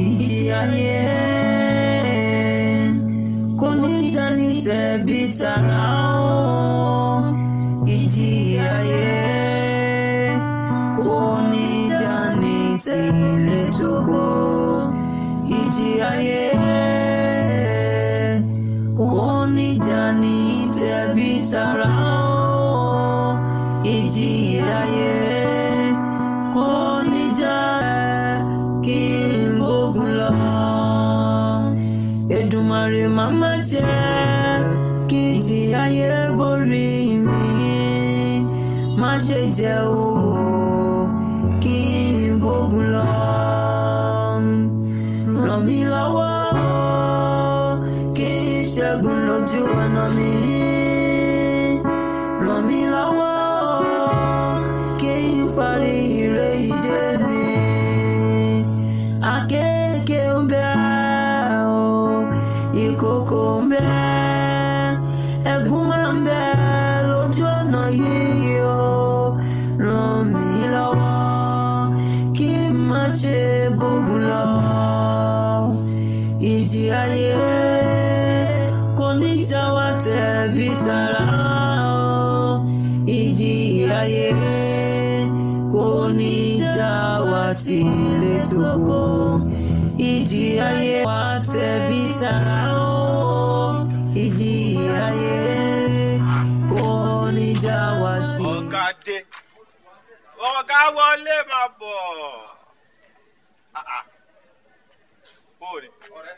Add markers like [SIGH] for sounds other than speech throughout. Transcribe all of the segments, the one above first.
I ayé ní tẹ́ bí ó. ṣe jẹ́ o. bóòrè. ọ̀rẹ́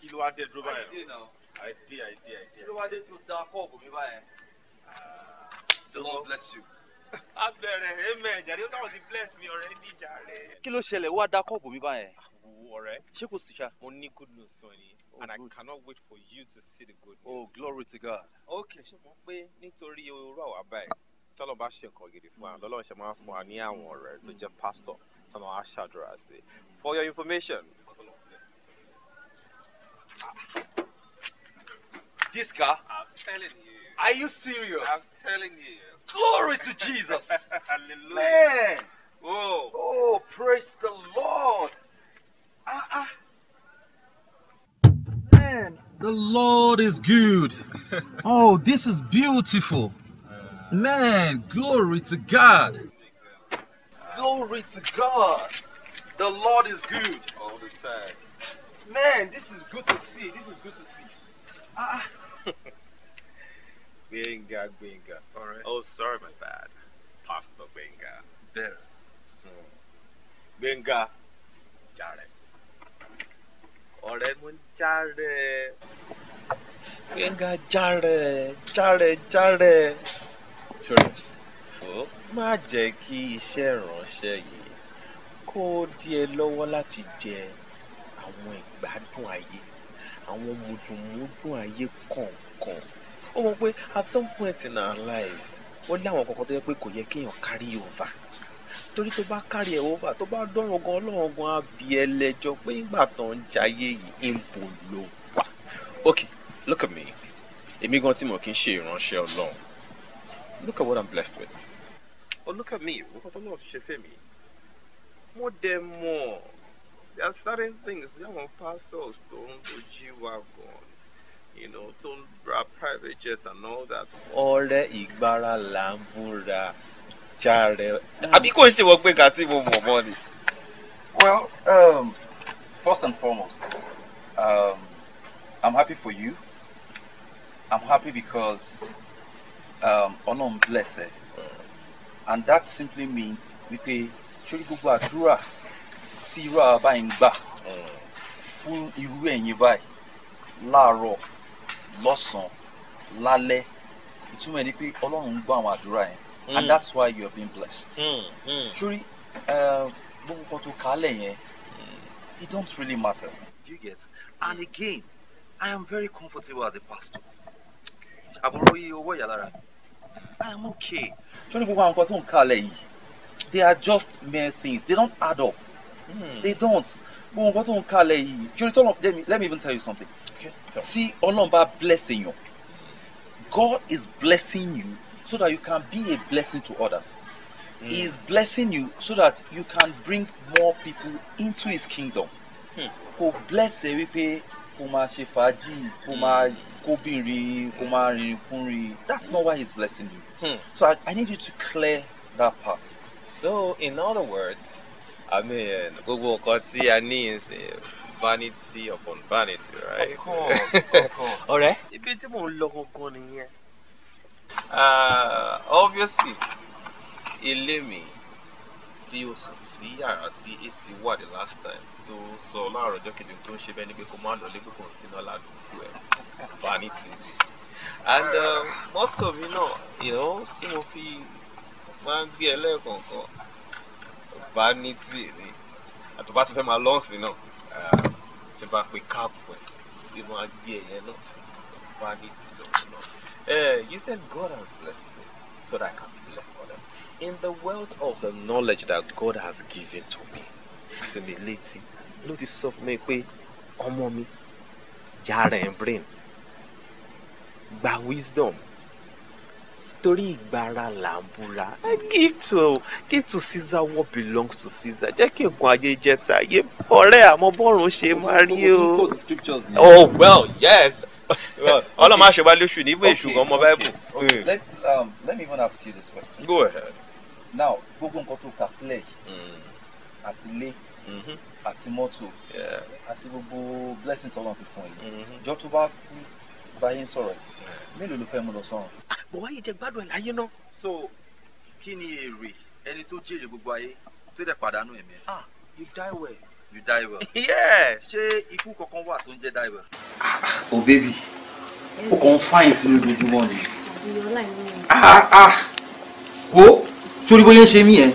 kí ló wá dé dúró báyìí. àìdè náà. àìdè àìdè àìdè. kí ló wá dé tó da kọ́ọ̀bù mi báyìí. Ah, the lord bless you. a [LAUGHS] bẹ̀rẹ̀ amen jàre ó dáhùn sí bless me ọ̀rẹ́ ní jàre. kí ló ṣẹlẹ̀ wá da kọ́ọ̀bù mi báyìí. Ah, ọ̀rẹ́ ṣé kò sì ṣá. mo ní good news fún ẹ oh, and I cannot wait for you to see the good oh, news. Oh, glory to God. Okay, ṣe mọ̀ pé nítorí irú àwa báyìí tọ́lọ̀ bá ṣe nǹkan gidi fún wa mm. lọ́lọ́run ṣe máa ń fún wa ní àwọn ọ̀rẹ́ tó jẹ́ pásítọ̀ tí wọ́n á ṣàdúrà sí. For your information, This car? I'm telling you. Are you serious? I'm telling you. Glory to Jesus. [LAUGHS] Hallelujah. Man. Whoa. Oh. oh, praise the Lord. Uh-uh. Man, the Lord is good. [LAUGHS] oh, this is beautiful. Man, glory to God. Glory to God. The Lord is good. All the time. Man, this is good to see. This is good to see. Ah. [LAUGHS] Benga, Benga. All right. Oh, sorry, my bad. Pastor Benga. Better. So, hmm. Benga. Jare. Ọ̀rẹ́ mo ń jàre. Benga jàre jàre jàre. Ṣòro. Oh. Ó má jẹ́ kí iṣẹ́ ìránṣẹ́ yìí kó dí ẹ lọ́wọ́ láti jẹ àwọn ìgbádùn ayé àwọn mùdùnmúdùn ayé kọ̀ọ̀kan ó mọ̀ pé at some point in our lives wọ́n láwọn kankan tó yẹ pé kò yẹ kéèyàn carry over torí tó bá carry ẹ̀ over tó bá dọ̀rùn gan ọlọ́run gan àbí ẹlẹ́jọ́ pé ìgbà tó ń jayé yìí ń bò ló wà ok look at me èmi gan tí mo kì í ṣe ìránṣẹ́ ọlọ́run look at what i'm blessed with oh look at me mo kàn tó náà ṣe fẹ́ mi mo dẹ̀ mọ̀ there are certain things àwọn pastors tó ń dojú wa you know tó ń ra private jet and all that. ọ̀rẹ́ ìgbára là ń búra jàre àbí kò ń ṣe mo mọ̀ well um, first and foremost um, i'm happy for you i'm happy because um, ọlọ́run um, bless ẹ mm. and that simply means wípé ṣorí gbogbo àdúrà tí irú àwa báyìí ń gbà fún irú ẹ̀yin báyìí láàárọ̀ lọ́sàn-án lálẹ́ ìtumọ̀ ni pé ọlọ́run ń gbọ́ àwọn àdúrà yẹn and hmm. that's why you have been blessed. Hmm, hmm. sori eh, gbogbo kan tó kálẹ̀ yẹn it don't really matter. do you get and again I am very comfortable as a pastor àbúrò yìí owó ìyá lára I am okay. sori gbogbo àwọn kan tó ń kálẹ̀ yìí they are just mere things they don't add up. Hmm. they don't gbogbo nǹkan tó ń kalẹ̀ you. jori tọ́lọ̀ let me even tell you something Okay. See, bá blessing you. God is blessing you so that you can be a blessing to others mm. He is blessing you so that you can bring more people into His kingdom hmm. kò bless ẹ wípé kò máa ṣe fàájì kò hmm. máa kóbìnrin kò máa rìn kúnrin that's not why He's blessing you hmm. so I, I need you to clear that part. So in other words. I mean, gbogbo nǹkan tí a ní vanity upon vanity, right? Of course, of course. [LAUGHS] Ọ̀rẹ́. Ibi tí mò ń lọ gangan nìyẹn. Ah, obviously, ilé mi tí o sùn sí yàrá tí AC the last time To sọ láàárọ̀ ọjọ́ kejì tó ń ṣe bẹ́ẹ̀ ni pé kó má lọ lé pé kò ń síná ládùúgbò ẹ̀ vanity. And um, mọ́tò mi náà, tí mo fi máa ń gbé ẹ lẹ́ẹ̀kọ̀ọ̀kan bá ní tíì ní àti bá ti fẹ́ máa lọ́ọ̀sì náà tí bá pe káàpù ẹ̀ tí wọ́n gbé ẹ̀yẹ náà bá ní tíì lọ́ọ̀sì náà. You said God has blessed me so that I can bless others. In the wealth of the knowledge that God has given to me, sinmi létí ló ti sọ fún mi pé ọmọ mi yára ẹ̀ brain gba wisdom nítorí ìgbára là ń búra give to give to Caesar to Caesar jẹ́ kí nǹkan ayé jẹ́ tàyé ọ̀rẹ́ àmọ́ bọ́ọ̀rùn ṣe máa rí o oh well yes [LAUGHS] ọlọ́mọ àṣẹwá lóṣù ní ìwé ìṣùgbọ́n ọmọ báìbù. Hmm. Um, let me even ask you this question. go ahead. now gbogbo nǹkan tó kà sílẹ̀ yìí hmm. àti ilé mm-hmm. àti mọ́tò àti gbogbo blessings ọlọ́run ti fún ẹ mm-hmm. jọ tó bá bá yín sọ̀rọ̀ yìí mélòó ló fẹ́ mú lọ sọ́run. àbọ̀ ah, wáyé jẹ gbádùn ẹ̀ náà. so kí ni èrè ẹni tó jèrè gbogbo ayé tó dẹ̀ pàdánù ẹ̀mí ah you die well. you die well. [LAUGHS] yeah. ṣé ikú kankan wà tó ń jẹ́ die well. Ah, o oh, baby, o kàn ń fáyìn sí ni. ah ah wo sórí bóyá ṣe mí yẹn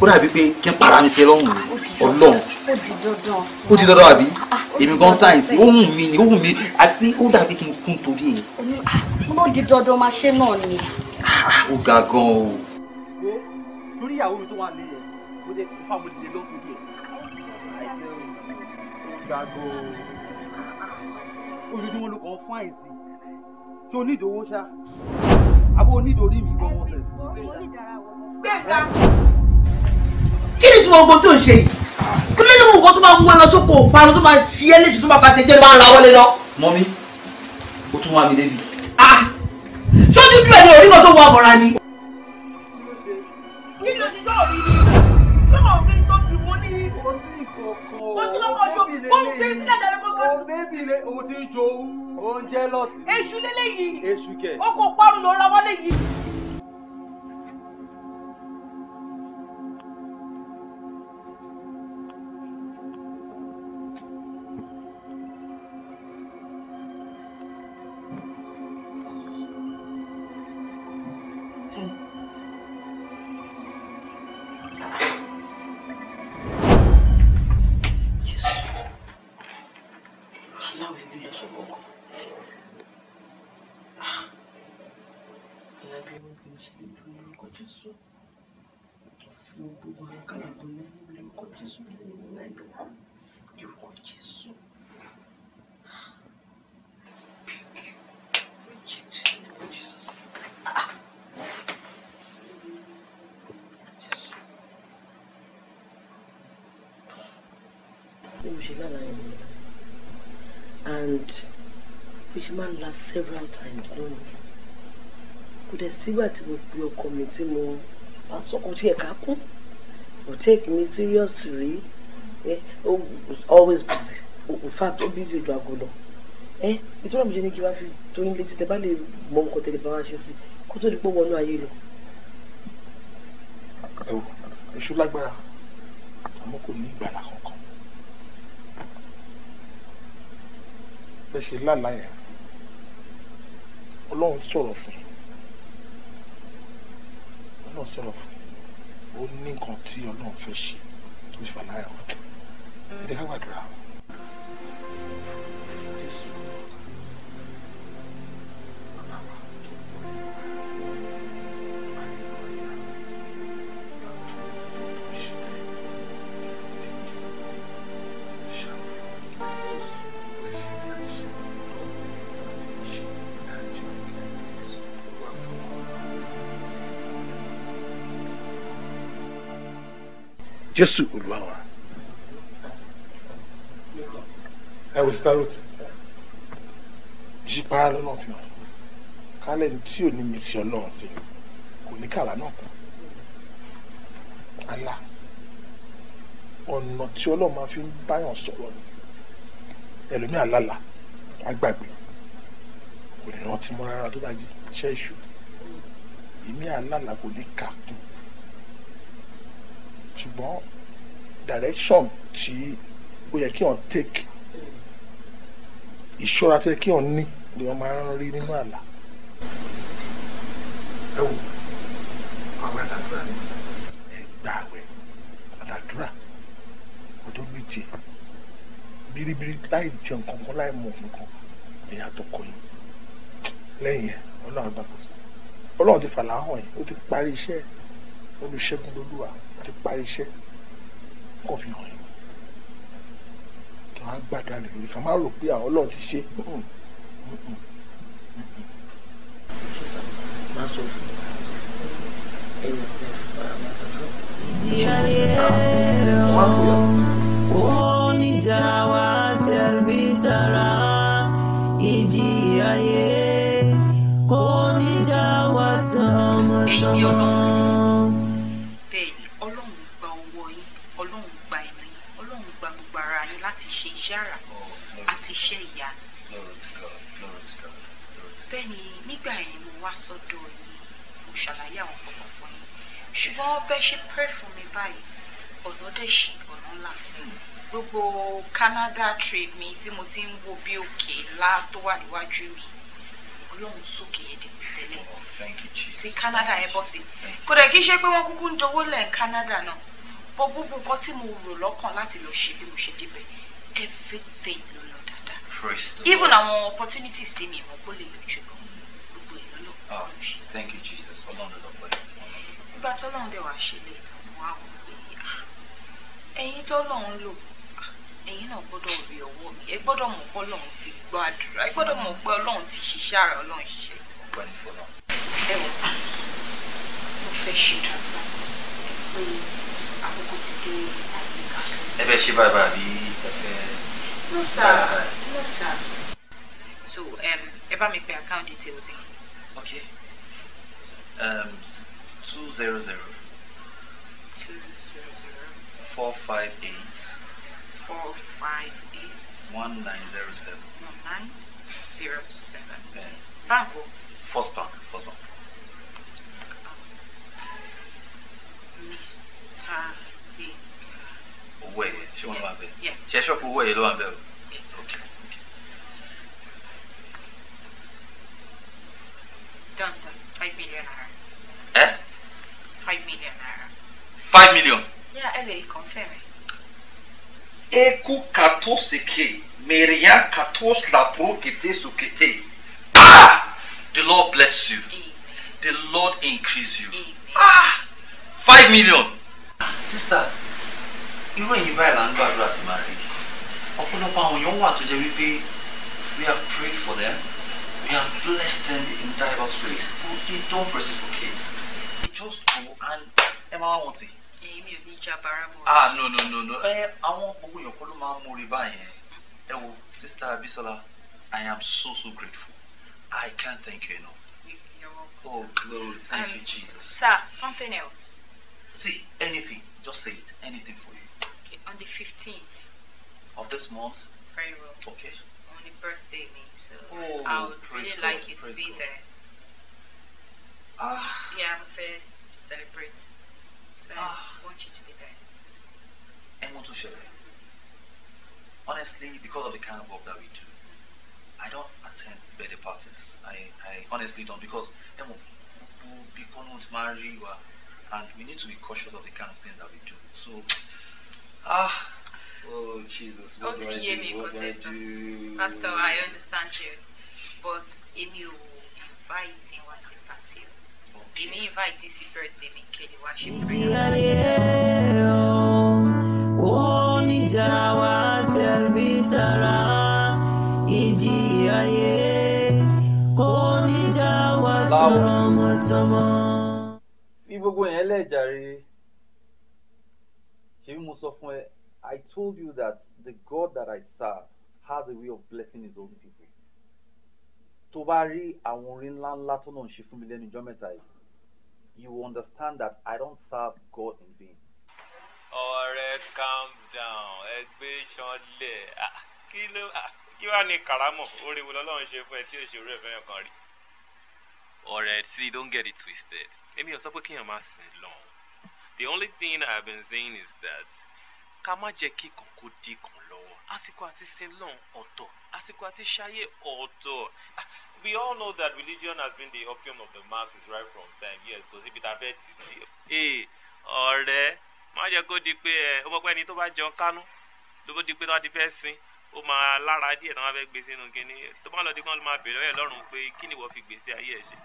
ó dàbí pé kí n para mi ṣe lọ́hùn-ún ah, ọlọ́run ó di dandan. ó di dandan àbí ah, ah, èmi gan sáyẹnsì ó wù mí ni ó wù mí àti ó dàbí kí n kún torí ẹ. Ah, ó di dandan máa ṣe náà ni. ó ga gan o. torí ìyàwó mi tó wà lé mo jẹ ìfà mo lè lọ torí ẹ. ó ga gan o. ojoojúmọ́ ló kàn fún àìsí ṣé o ní ìdòwò ṣá àbó o ní ìdòrí mi gan wọ́n sẹ̀. gbẹ̀gà kí ni tí wọ́n gbọ́ tó ń ṣe yìí ní mo nǹkan tó máa mú ẹ lọ sóko òparun tó máa ṣí ẹ léjì tó máa bàtẹ jẹ ló máa ń lawọ́ lé lọ. mọ́mí ó tún wá mi débi. Ah! ṣojú bí ẹni orí kan tó wọ àbọ̀ra ni. nínú ṣọ́ọ̀bù ni ṣọ́ọ̀bù tó ti kẹ̀. ó kò parun ló lọ́wọ́ lẹ́yìn. several times lónìí kò dẹ̀ sígbà tí mo pe ọkọ mi tí mo bá sọkọ tí ẹ̀ka kún kò take me serious rí always busy in fact ó busy ju aago lọ ìtura mi ṣe ní kí wá fi tóyún létí tẹ bá lè mọ nǹkan tẹlẹ bá wá ṣe sí kó tó di pé wọnú ayé lọ. èṣù lágbára àmọ́ kò ní ìgbàlà kankan bẹ́ẹ̀ ṣe lálàá yẹn ọlọ́run sọ̀rọ̀ fún ọlọ́run sọ̀rọ̀ fún ó ní nǹkan tí ọlọ́run fẹ́ ṣe tó fi fà láyà wọn ẹ ká gbàdúrà wọn. jésù olúwa wa. ẹ wò sítáà rúùtù yípa lọ́nà fi hàn kálẹ̀ tí ò ní mi sí ọlọ́run sí kò ní kàlà náà kù àlà ọ̀nà tí ọlọ́run máa fi ń báyàn sọ̀rọ̀ ni ẹlòmíà lálà agbàgbé kò ní rántí mọ́ rárá tó bá jí iṣẹ́ ìṣù èmi àlàlà kò ní kà kún ṣùgbọ́n direction tí ó yẹ kí wọ́n take ìṣọ́ra tó yẹ kí wọ́n ní ni wọ́n máa ń rí nínú àlá. ẹ wo àwọn àtàdúrà ni ẹ gba àwẹ̀ àtàdúrà ọjọ́ méje biribiri láì jẹ nǹkan kan láì mọ nǹkan ẹ̀yà tó kọ yín lẹ́yìn ẹ̀ ọlọ́run bá kó sí ọlọ́run ti fàlà hàn yín ó ti parí iṣẹ́ olùṣègùn lolúwa ti parí iṣẹ́ kó fi hàn yín kí wọ́n á gbàdá lè lórí ká rò pé àwọn ọlọ́run ti ṣe má ayé rẹ̀ wọ́n níjà wá tẹ̀lé tara ìdí ayé kò níjà wá tọmọtọmọ. Canada trip mi tí mo ti ń wo bí òkè ńlá tó wà níwájú mi ọlọ́run sókè yẹn tẹ́lẹ̀ oh, ti Canada yẹn bọ́ sí kò dẹ̀ kí ṣe pé wọ́n kúkú ń dowó lẹ̀ Canada náà bó gbogbo nǹkan tí mo rò lọ́kàn láti lọ ṣe bí mo ṣe débẹ̀ everything ló lọ dáadáa even àwọn opportunities tí mi mọ̀ kó lè yọjú lọ gbogbo ìlú lọ. Ah, thank you Jesus ọlọ́run lọ pẹ̀lú. nígbà tí ọlọ́run dẹ̀ wá ṣe lè tàn wá wò pé ah, ẹ̀yin tí ọlọ́run lò ẹ̀yin náà gbọ́dọ̀ rí ọwọ́ mi ẹ gbọ́dọ̀ mọ̀ pé ọlọ́run ti gbọ́ àdúrà ẹ gbọ́dọ̀ mọ̀ pé ọlọ́run ti ṣiṣẹ́ ara ọlọ́run ṣiṣẹ́. ọgbà ní fọlọ. ẹ wọ mo fẹ́ ṣe transfer sí ẹ pé àkókò ti dé àyíká. ẹ bẹ ṣe bàbá àbí ẹ no sir no sir. so um, ẹ bá mi pe account details yìí. okay um, two zero zero. two zero zero. four five eight four five eight one nine zero seven one nine zero seven. Yeah. Bank. First bank. First bank. Mr. Mr. Baker. Owó ẹ̀yẹ ṣé Yeah. ló máa bẹ̀? Ṣé ṣọ́ọ̀pù owó ẹ̀yẹ ló Okay. okay. Done, sir. Five million naira. Eh? Five million naira. Five million? Yeah, I will confirm it eku kato seke meria katos labro kete sokete ah the lord bless you the lord increase you ah five million. sister. irú èyí báyìí là ń gbàdúrà tí màá rí ọ̀pọ̀lọpọ̀ àwọn èèyàn wà tó jẹ́ wípé we have prayed for them we have blessed them in diverse ways but they don't reciprocate they just go and ẹ máa wá wọn èmi ò ní já barabura. ah no no no no ẹ eh, àwọn gbogbo èèyàn kọ́ ló máa ń múre báyẹn ẹ wo sista Abisola I am so so grateful I can't thank you enough. Oh, glory, thank um, you, Jesus. Sir, something else. See, anything, just say it, anything for you. Okay, on the 15th. Of this month? Very well. Okay. On the birthday, me, so oh, I would really God, like you to be God. there. Ah. Yeah, I'm fair. Celebrate. So ah. I want you to be there. And to share. Honestly, because of the kind of work that we do, I don't attend birthday parties. I, I honestly don't because we cannot marry and we need to be cautious of the kind of things that we do. So, ah, oh Jesus, what do I do? What do I do? Pastor, I understand you, but if you invite him once Èmi invite sí birthday mi kẹ́lẹ̀ wá Bí gbogbo yẹn lẹ́jàre, ṣèbí mo sọ fún ẹ, I told you that the God that I serve has a way of blessing his own people. Tó bá rí àwọn orin ńláńlá tó náà ń ṣe fún mi lẹ́nu ìjọ́ mẹ́ta yìí you will understand that I don't serve God in vain. Alright, calm down ẹgbẹ́ sanlẹ̀ kí ló kí wàá ní karamọ̀ orí wo lọ́lọ́run ṣe fún ẹ tí òṣèré ẹ̀ fẹ́ràn kan rí. see don't get it twisted èmi ò sọ pé kéèyàn máa sìn lọ́hùn the only thing I've been saying is that ká má kí kòkó dì kan àsìkò àti sin lọ́hùn ọ̀tọ̀ àsìkò àti ṣayé ọ̀tọ̀ we all know that religion has been the opium of the masses right from time yes kò síbi tá a fẹ́ tì sí. ee ọ̀rẹ́ má jẹ́ kó di pé ẹ ọmọ pẹ́ni tó bá jẹun kánú ló di pé tó bá ti fẹ́ sin ó máa lára díẹ̀ tó bá fẹ́ gbé sínú kínní tó bá lọ di kán ló máa bèrè ẹ̀ lọ́rùn pé kí ni wọ́n fi gbèsè ayé ẹ̀ ṣe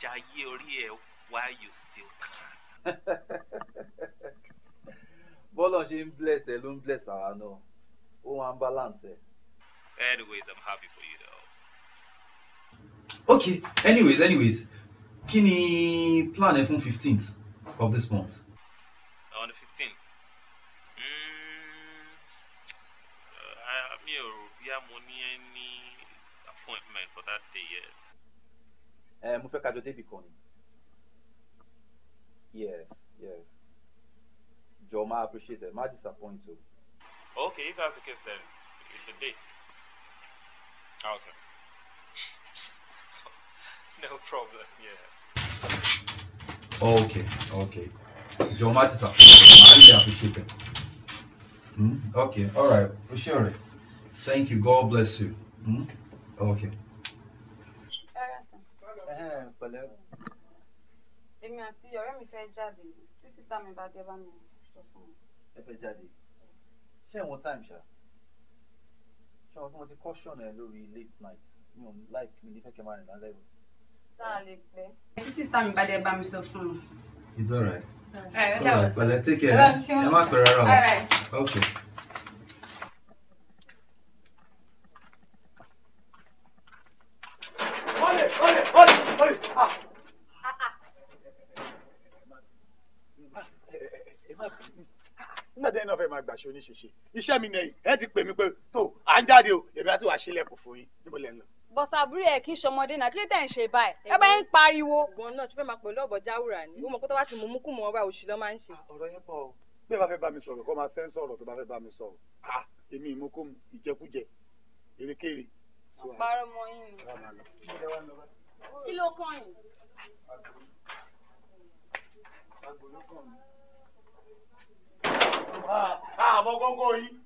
jayé orí ẹ̀ why you still can. [LAUGHS] bọ́lá ṣe ń bless ẹ ló ń bless àwa náà ó wá ń balance ẹ. anyways i'm happy for you okay anyways anyways kí ni plan ẹ fún fifteenth of this month. on the fifteenth mm, uh, mi ò rò bí mo ní any appointment for that day yet. ẹ mo fẹ́ kájọ débi kan ni yes yes jọ ma appreciate ẹ Ma disappoint o. okay if that's the case then it's a date. Ah, okay. [LAUGHS] No problem, yeah. Okay, okay. John Mattis, I really appreciate it. Mm? Okay, all right. For sure. Thank you. God bless you. Mm? Okay. Èmi àti ọ̀rẹ́ mi fẹ́ jáde tí sísá mi bá dé bá mi sọ fún mi. Ẹ fẹ́ jáde? Ṣé ẹ̀wọ̀n time ṣá? Ṣé ọmọ mo ti caution ẹ lórí late night? Mi ò like mi ní fẹ́ kẹ́ máa rìn lálẹ́ ìwé tí sísá mi bá bá mi sọ fún un. it's alright. alright well, well take care ẹ má pẹ́ rárá o okay. Ah. nígbà tẹ́yìn náà mi nẹ̀yìn ẹ ti pè mí pé tó à ń jáde o èmi á sì wá sílẹ̀kùn fún yín níbo lẹ́ bọ́sà àbúrò ẹ̀ kí n ṣọmọdé náà kí ló tẹ̀ ń ṣe báyìí ẹ bá ń pariwo. ìgbọ́n náà ṣe fẹ́ máa pẹ̀lú ọ̀bọ̀ jáwùrà ni ó mọ̀ kó tó bá ti mú mú kù mọ́ ọba òṣì lọ́ máa ń ṣe. Ah, ọ̀rọ̀ yẹn pọ̀ bí ẹ bá fẹ́ bá mi sọ̀rọ̀ kó máa sẹ́ ń sọ̀rọ̀ tó bá fẹ́ bá mi sọ̀rọ̀ à ah, èmi ìmúkú ìjẹkújẹ erékèrè. àpárọ̀ yìí.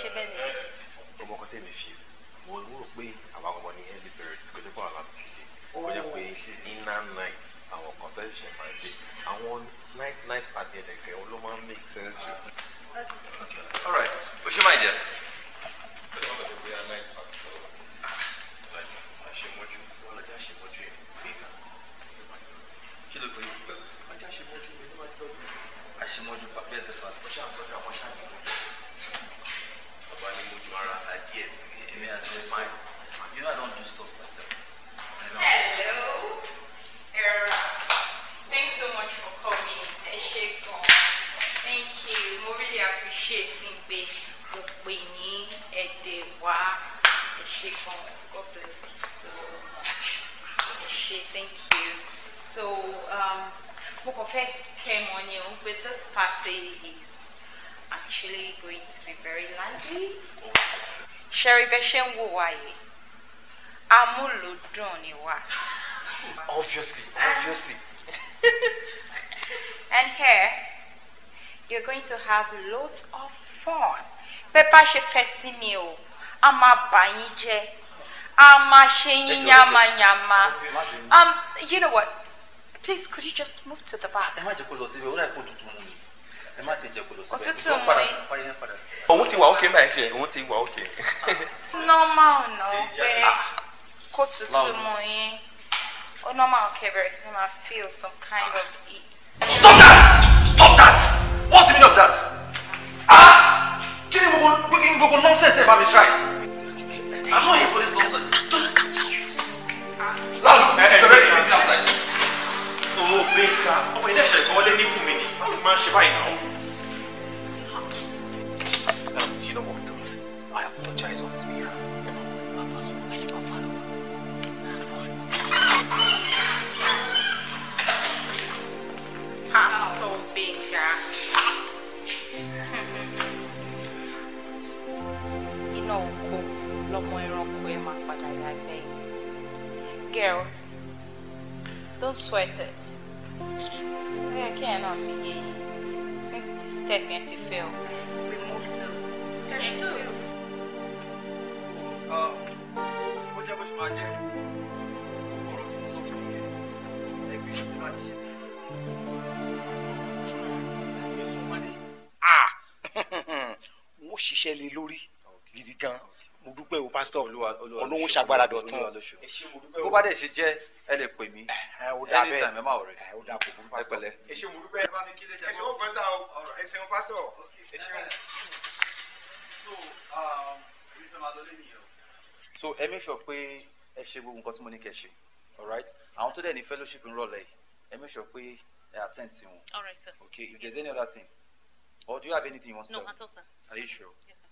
ṣe bẹ́ẹ̀ ni. ọmọ kan tẹ̀mí fi mo ń rò pé àwọn ọmọ ní early birds kò jẹ́ pé àwọn alábùkílé kò jẹ́ pé inner night àwọn kan tẹ̀sí ṣe night night party ẹ̀dẹ̀kẹ́ ló máa ń make sense jù. ṣe ń wò wá amúlòdùn ni wá. obviously ah. obviously. [LAUGHS] and here you're going to have loads of fun. pépà ṣe fẹ́ sí ni o a máa bà yín jẹ́ a máa ṣe yín yamayama. um you know what please could you just move to the back. ẹ má jẹ́ kó lọ síbi ó dà kó tutù mú mi ẹ má ti jẹ kó lọ síbẹ̀ òtútù mú òun ti wà ókè náà tiẹ̀ òun ti feel some kind of heat. stop that stop that what's the meaning of that ah kí ni gbogbo gbogbo nonsense ẹ bá mi try i'm not here for this nonsense. Lalu, ẹ ẹ sọ̀rọ̀ yìí mi outside. Owó gbẹ̀ngà ọmọ ilé ẹ̀ṣẹ̀ kan wọlé ní kùmí ni, báwo ni máa ṣe báyìí náà? girls, don't sweat it. I cannot ẹ̀ you ti yé yín. Since this step yẹn ti fail, move to Step two. Ah, ó jẹ́ bó ṣe máa jẹ́ ọ̀rọ̀ tí mo ah, [LAUGHS] ṣiṣẹ́ lé lórí gidi gan-an mo dúpẹ́ o pásítọ̀ olúwa olóhùn ṣàgbára dọ̀tún bó bá dẹ̀ ṣe jẹ́ ẹ lè pè mí eh, eh, anytime ẹ má ọ̀rẹ́ eh, ẹ pẹ̀lẹ́. ẹ ṣé mo dúpẹ́ ẹ bá mi o ẹ ṣé pásítọ̀ ẹ ṣé um, so ẹ make sure pé ẹ ṣe gbogbo nǹkan tí mo ní kẹ́ ṣe alright àwọn tó dẹ̀ ní fellowship ń rọlẹ̀ yìí ẹ make sure pé ẹ attend sí wọn alright sir okay if there's any other thing or do you have anything you want to no, tell me no at all sir are you sure yes sir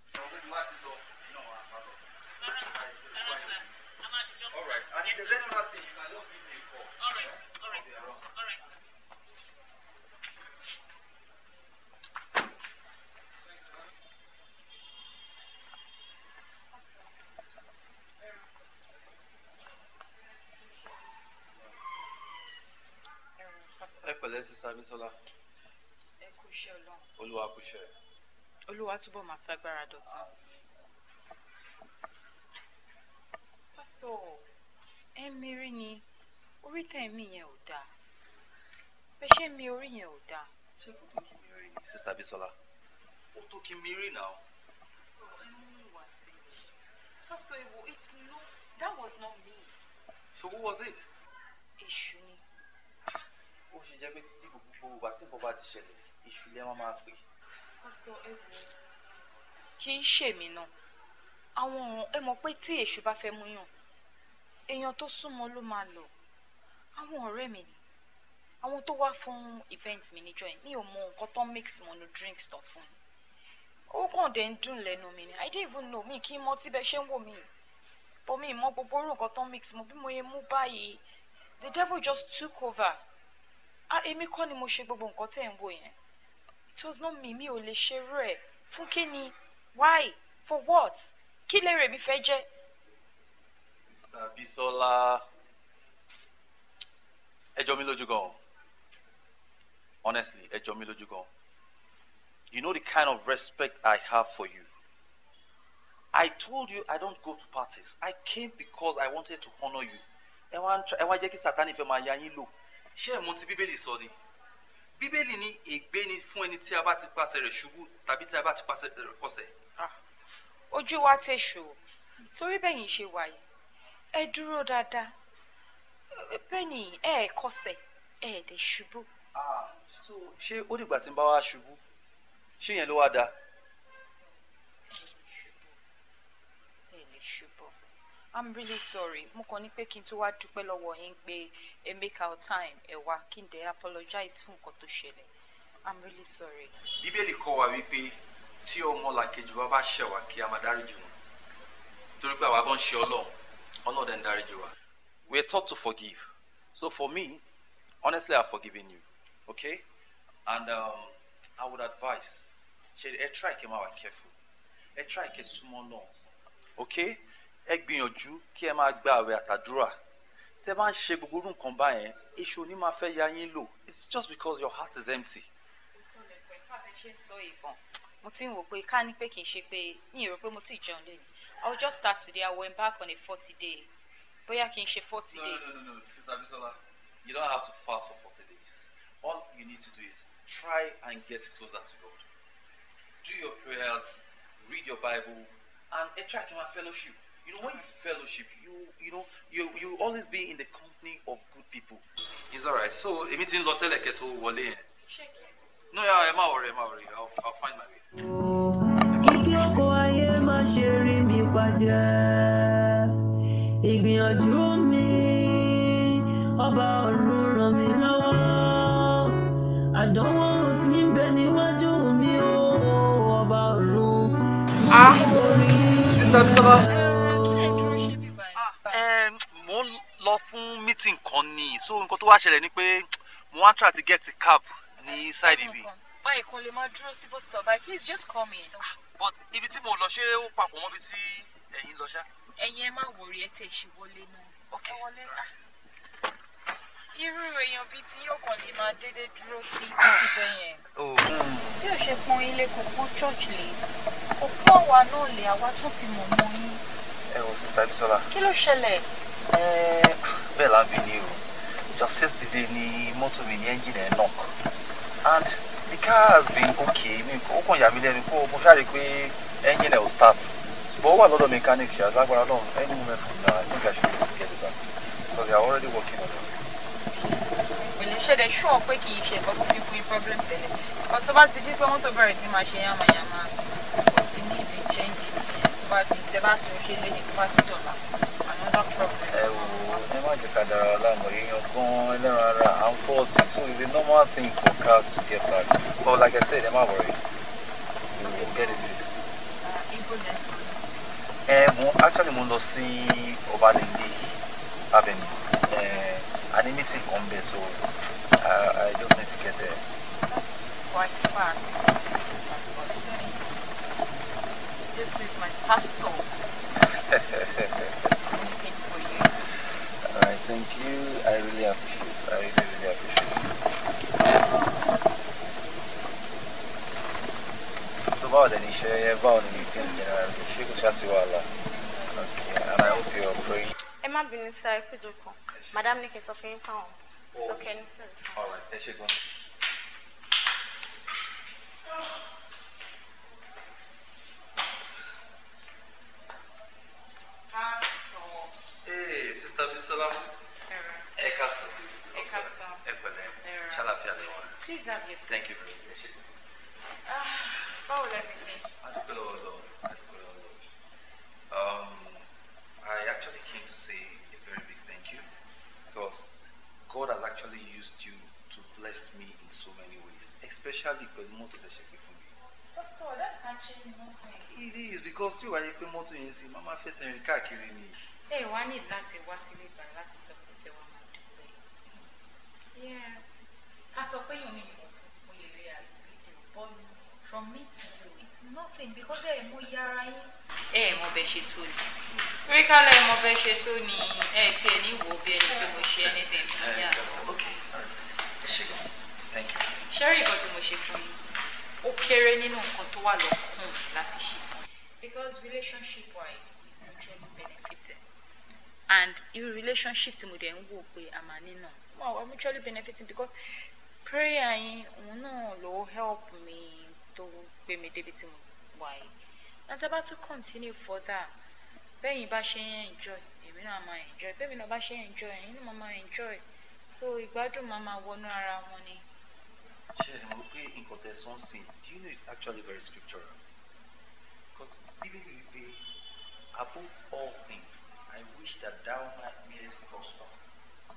ẹ pẹ̀lẹ́ sísá Bísọ́lá. ẹ kú iṣẹ́ Ọlọ́run. olúwa kú iṣẹ́. olúwa túbọ̀ máa ṣàgbára dọ̀tun. pásítọ̀ ẹ mẹ́rin ni orí tẹ̀mí yẹn ò dáa bẹ́ẹ̀ ṣe mi orí yẹn ò dáa. ṣé kò tó kí mi rí sísá Bísọ́lá ó tó kí mi rí náà. pásítọ̀ ẹ mú mi it's not that was not me. so who was it. èṣù ni. ó ṣe jẹ́ pé títí gbogbo ìgbà tí nǹkan bá ti ṣẹlẹ̀ èṣù lẹ́wọ̀n máa pè. pásítọ̀ ewu kì í ṣèmi náà àwọn ẹ mọ̀ pé tí èṣù bá fẹ́ mú yàn èèyàn tó súnmọ́ ló máa lọ àwọn ọ̀rẹ́ mi ni àwọn tó wá fún event mi níjọ́ yìí mi ò mọ nǹkan tó mix mọnu drinks tó fún mi ó kàn dé ń dùn lẹ́nu mi ni i didn't even know mi kí n mọ tí bẹ́ẹ̀ ṣe ń wò mí bọ́ mi mọ gbogbo orú nǹkan tó mix mo bí mo yẹ mú báyìí the devil just took over ah èmi kọ́ ni mo ṣe gbogbo nǹkan tẹ̀ ń wò yẹn it was not me mi ò lè ṣerú ẹ̀ fún kí ni why for what kí lèrè mi fẹ́ jẹ́ Mr. Bisola ẹ jọ mí lójú gan honestly ẹ jọ mí lójú gan you know the kind of respect I have for you I told you I don't go to parties I came because I wanted to honour you ẹ wá ẹ wá jẹ́ kí Sátánì fẹ́ máa ya yín lò ṣé ẹ̀ mọ̀ tí Bíbélì sọ ni Bíbélì ní ègbé ni fún ẹni tí a bá ti pàṣẹ rẹ̀ ṣubú tàbí tí a bá ti pàṣẹ rẹ̀ kọsẹ̀. Ah, ojú wa tẹ̀sù torí bẹ́yìn ṣe wà ẹ dáadáa pẹ́ẹ́nì ẹ kọsẹ̀ ẹ dẹ̀ ṣubú. Ah, ṣé ó dìgbà tí ń bá wa ṣubú ṣé yẹn ló wá dáa. I'm really sorry. Mo kàn ní pé kí n tó wá dúpẹ́ lọ́wọ́ yín pé ẹ make our time ẹ wá kí n dẹ̀ apologize fún nǹkan tó ṣẹlẹ̀. I'm really sorry. Bíbélì kọ́ wa wípé tí ọmọ làkejì wa bá ṣẹ̀ wá kí a máa dáríjì wọn torí pé àwa gan ṣe Ọlọ́run ọlọ́dẹ ń dáríjì wa we taught to forgive so for me honestly I've forgiven you okay and um, i would advise ṣe try kí ẹ máa careful ẹ try kí ẹ súnmọ́ náà okay ẹ gbìyànjú kí ẹ máa gba àwẹ̀ àtàdúrà tẹ bá ń ṣe gbogbo orú nǹkan báyẹn iṣu ni it's just because your heart is empty. mo ti ń wò pé ká ní pé kì í ṣe I'll just start today. I went back on a 40 day. Bóyá kí n ṣe 40 no, days. No, no, no, no, Sister Bisola, you don't have to fast for 40 days. All you need to do is try and get closer to God. Do your prayers, read your Bible, and attract my fellowship. You know, when you fellowship, you you know, you you always be in the company of good people. It's alright. So, èmi ti ń lọ tẹ́lẹ̀ kẹ́ No, yeah, I'm má worry, ẹ má worry. I'll, I'll find my way pàjẹ́ ìgbìyànjú mi ọba ọ̀run ràn mí lọ́wọ́ àdánwò tí ń bẹ níwájú mi ó ọba ọ̀run mi ò rí i mo ah, ń lọ fún meeting kan ni so nǹkan tó wá ṣẹlẹ̀ ni pé mo wá try to get a cab ní side ibi. Okay báyìí kan lè máa dúró sí bus stop báyìí please just call me. Ah, but ibi tí mo lọ ṣé ó papọ̀ mọ́bi tí ẹ̀yin lọ ṣá. ẹ̀yin ẹ má wòrí ẹ tẹ̀ ṣe wọlé náà. ok wọlé ah irú èèyàn bíi tí yóò kàn lè máa dédé dúró sí ibi tí bẹ́yẹn. Ah. Oh. bí o ṣe pọn ilé kò pọn church lè kò pọn àwa náà lè àwa tó ti mọ̀ mọ́ yín. ẹ wò sísá Bísọ́lá. kí ló ṣẹlẹ̀. bẹ́ẹ̀ lábì ni o justice delay ni mọ́tò mi ní ẹ́ńjìnì ẹ̀ náà and the car has been okay mi ó kàn yà mí lẹ́nu kó mo ṣáà rí i pé engine ẹ̀ ò start but ó wà lọ́dọ̀ mechanic ṣe alágbára náà any moment from now I think I should be able to get it back because they are already working on it. pẹ̀lú ṣe dẹ̀ ṣùọ́ pé kì í ṣe ẹ̀kọ́ tó fún problem tẹ́lẹ̀ because tó bá ti dín pé mọ́tò bẹ̀rẹ̀ sí máa ṣe yánmayánmá ó ti ní ìdí change bá ti tẹ bá tún ṣe lé ní tó another problem. ẹ wo ẹ má jẹ́ ká dára láàmú èèyàn gan-an ara à ń fọ́ sí so it's a normal thing for cars to get back but like I said ẹ má worry you will get it fixed. ẹ mo actually mo lọ sí Ọbalẹ́ndé avenue ẹ a ní meeting kan bẹ́ẹ̀ so uh, I just need to get there. That's quite fast this with my pastor. Anything [LAUGHS] for you. I thank you. I really appreciate I really, really appreciate it. So about any share about anything general. She could just Okay, and I hope you are praying. Emma má bínú sá, ẹ kú jókòó. Madam ní kí n sọ fún yín fáwọn. All right, ẹ ṣe gan. salam? Ekasso. Ekasso. Ekole. Shalafiale. Please have your Thank you very much. Báwo lẹ fi ní? Adúgbò lọ́wọ́ lọ. Adúgbò Um, I actually came to say a very big thank you because God has actually used you to bless me in so many ways, especially pẹ̀lú mọ́tò tẹ̀sẹ̀ pé fún mi. Pastor, that time ṣe ni It is because you are wáyé pé mọ́tò yẹn sí, màmá fẹsẹ̀ rìn káàkiri ni. ẹ wá ní láti wá sílé ìbàrà láti sọ pé kẹ wá máa dúpẹ́ ká sọ pé èèyàn mi ni mo fún mo but from me to you it's nothing because ẹ mo ya ara yín. ẹ ẹ mọ bẹ ṣe tó ni rí kálẹ̀ mọ bẹ ṣe tó ni ẹ tiẹ̀ ní ìwò bí ẹni pé mo ṣe ẹni tẹ̀ mí yá ṣé rí nǹkan tí mo ṣe fún Okay, ó kéré nínú nǹkan tó wà lọ́kùn láti because relationship wa and your relationship tí mo dẹ̀ ń wò pé a máa ní náà wọ́n mutually benefiting because prayer yín òun náà ló help me to gbé mi débi tí mo wà yìí and tá a bá continue further bẹ́yìn bá ṣe ń enjoy èmi náà máa enjoy bẹ́ẹ̀ mi náà bá ṣe ń enjoy ẹ̀yin náà máa enjoy so ìgbádùn máa máa wọnú ara wọn ni. ṣé ẹ mọ̀ pé nǹkan tẹ́ sọ́n sìn do you know it's actually very scriptural because bíbélì pay above all things wish that thou might be prosper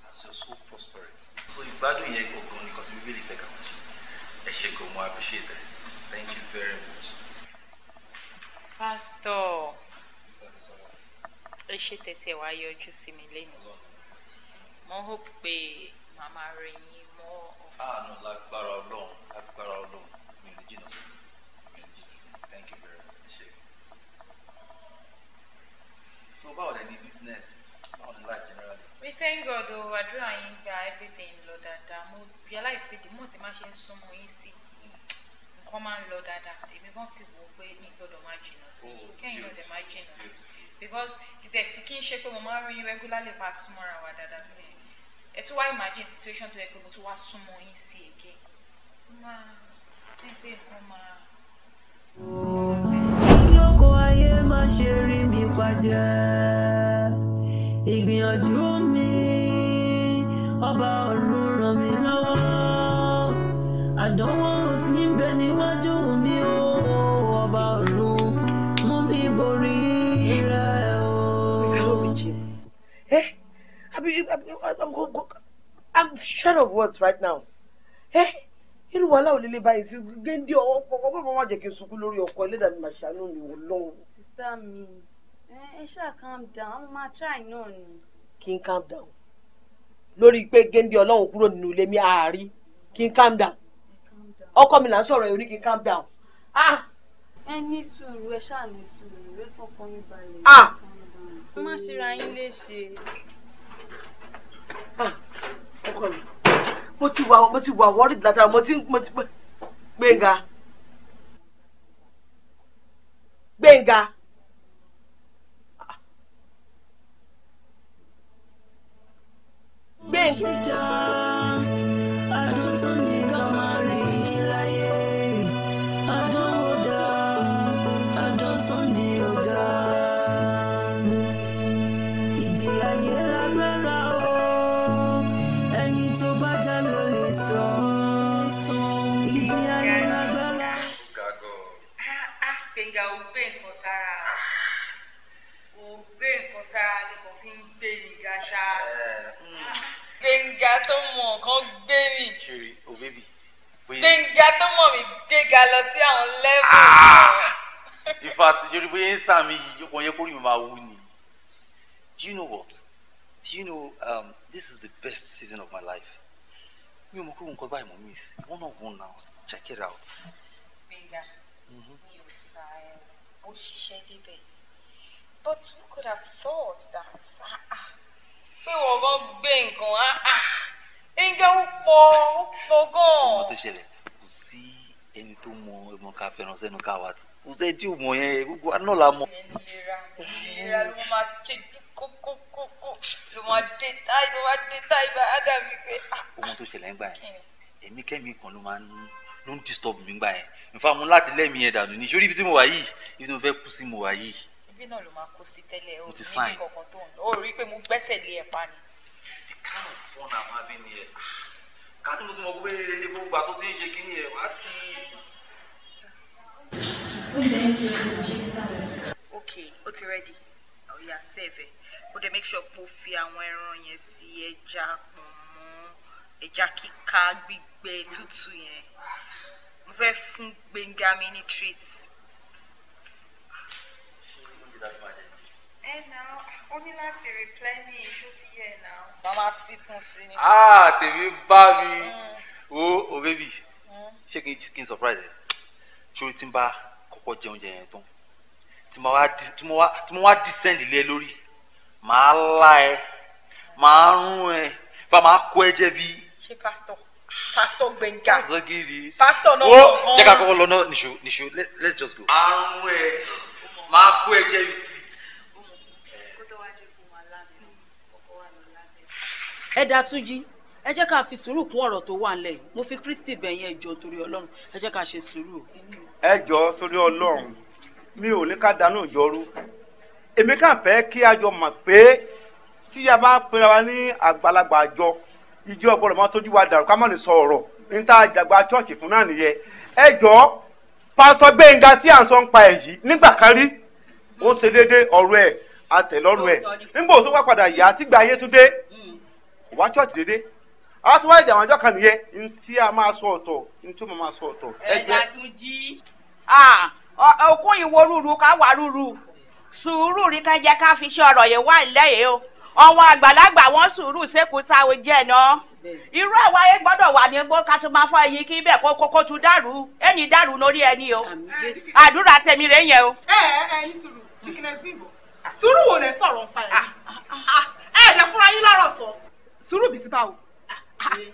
as your soul prospereth. So ìgbádùn yẹn gbọ̀ngàn nìkan tí bíbélì fẹ́ kàwọn ṣe. Ẹ ṣe kò mọ appreciate that. Thank you very much. Pastor, ẹ ṣe tètè wá yọjú sí mi lẹ́nu. Mo hope pé màmá rẹ̀ yín mọ́ ọ̀fọ̀. Ah, Àánú lágbára Ọlọ́run lágbára Ọlọ́run mi ò ní jìnnà sí So báwo lẹ business? Báwo ni life generally? We thank God o, àdúrà yín gba everything lọ dáadáa. Mo realize pé the more tí máa ṣe ń súnmọ́ yín sí, nǹkan máa ń lọ dáadáa. Èmi gan ti wò ó pé mi gbọ́dọ̀ oh, Because it's tí kí n ṣe pé regularly bá a súnmọ́ra wa it's why imagine situation to yẹ pé to tún wá súnmọ́ yín again. Ma, thank you, nǹkan lóko ayé má ṣe rí mi pàjẹ́ ìgbìyànjú mi ọba ọ̀run ràn mí lọ́wọ́ àdánwò tí ń bẹ níwájú mi ó ọba ọ̀run mú mi borí rẹ̀ o. Eh, i'm sure of words right now. Eh? irú wa láwọn lílé báyìí sí géńdé ọwọ́ kọ́kọ́ bọ́ọ̀ má jẹ́ kí n sunkún lórí ọkọ ẹlẹ́dàá mi màṣánú mi wò lọ́hùn. sísá mi ẹ ṣáà calm down àwọn máa try náà ni. kí n calm down lórí pé géńdé ọlọ́run kúrò nínú ilé mi àárí kí n calm down ọkọ mi là ń sọ̀rọ̀ ẹ̀ orí kí n calm down. Ah! ẹ ní sùúrù ẹ ṣáà ní sùúrù ẹ fọkàn yín balẹ̀. ẹ ah! má ṣe ra yín léṣe. Ah! ọkọ mi mo ti wà mo ti wà worried látara mo ti mo ti gbẹ̀ngà gbẹ̀ngà. gbẹ̀ngà. nǹkan sára o gbé nǹkan sára ni fi ń gbé nìga ṣá gbẹ̀ngà tó mọ̀ kan gbé mi oh gbẹ̀ngà tó mọ̀ mi gbẹ̀gà lọ sí àwọn lẹ́bù. ìfà àtijọ́ rí bóyá ń sàmì yìí kò yẹ kó rí mi máa wú ni do you know what do you know um, this is the best season of my life mi ò mọ̀ pé òun kọ́ báyìí mo miss one on one now check it out. gbẹ̀ngà mm-hmm. mi ò sá ẹ̀ ó ṣiṣẹ́ débẹ̀ but who could have thought that ah, ah, pé wọ́n gan gbé nǹkan ah, nǹkan ó pọ̀ ó pọ̀ gan. ọmọ tó ṣẹlẹ̀ kò sí ẹni tó mọ ẹmọ ká fẹ́ràn sẹ́nu ká wà tí kò sẹ́ tí ò mọ yẹn gbogbo àná la mọ. ìlera ìlera ló máa ké kókókókó ló máa dé táì ló máa dé táì bá ádàbí pé. ohun tó ṣẹlẹ̀ ń gbà yẹn èmi kẹ́mi kan ló máa ń ló ń disturb mi gbà yẹn nfa mo láti lẹ́mìí ẹ̀ dànù ní sórí ibi tí mo wà yìí ibi tí mo fẹ́ kú sí mo wà yìí. ibi náà ló máa kó sí tẹ́lẹ̀ o ní kankan tó ń lọ o rí i pé mo gbẹ́sẹ̀ lé ẹ̀ pa ni. the kind of fun i'm having here kátó mo ti mọ pé eré epo gbà tó ti ń ṣe kíní ẹ̀ wá ti. oúnjẹ yẹn ti rẹ̀ ló ṣe ní sábẹ̀. ok ó make sure pé ó fi àwọn ẹran yẹn sí ẹja pọ̀n ẹja kíka gbígbẹ tútù yẹn mo fẹ́ fún Gbénga mi ní treat. ẹ nà ó ní láti replenish iṣu ti yẹ nà. màmá fi kún ah, tèmi bá mi o mm. o baby mm. ṣé kí n surprise ẹ ṣorí tí n bá kọ́kọ́ jẹ oúnjẹ yẹn tán tí mo wá descend lé lórí màá lá ẹ màá rún ẹ fa màá kó ẹ jẹ bíi ṣé pásítọ̀ pásítọ̀ gbẹ̀ngà pásítọ̀ náà wọ̀ hàn. jẹ́ ká kọ́kọ́ lọ náà nìṣó nìṣó let's just go. àrùn ẹ máa kó ẹ̀jẹ̀ mi tì. ẹ dá Túnjí ẹ jẹ́ ká fi sùúrù kún ọ̀rọ̀ tó wà nílẹ̀ mo fi Kristi bẹ̀yìn ẹ̀jọ̀ torí Ọlọ́run ẹ jẹ́ ká ṣe sùúrù. ẹjọ́ torí Ọlọ́run mi ò ní ká dáná ìjọrú èmi kàn fẹ́ kí a jọ mọ̀ pé tí a bá pera wa ní àgbàlagbà àjọ ìjọ ọ̀pọ̀lọ̀ máa tójú wa dàrú ká má lè sọ ọ̀rọ̀ níta àjàgbá chọ́ọ̀chì fún náà nìyẹn ẹ pásọ tí à ń sọ ń pa ẹ̀ yìí nígbà kan rí ó ṣe ọ̀rọ̀ ẹ̀ ẹ̀ nígbà padà yà á ti gba wá chọ́ọ̀chì ọjọ́ kan nìyẹn tí a máa sọ ọ̀tọ̀ ní tí máa sọ ọ̀tọ̀. àwọn àgbàlagbà wọn sùúrù sékúta jẹ náà irú àwọn ayé gbọ́dọ̀ wà ní gbó ká tó máa fọ eyín kí bẹ́ẹ̀ kó kókó tún dàrú ẹni dàrú lórí ẹni o àdúrà tèmi rè yẹn o. ẹ ẹ ẹ ní sùúrù chicness bíbọ sùúrù wo lẹ sọ̀rọ̀ npa ẹ ẹ ẹ dẹ fúnra yín lọ́rọ̀ sọ sùúrù bìí sí báwo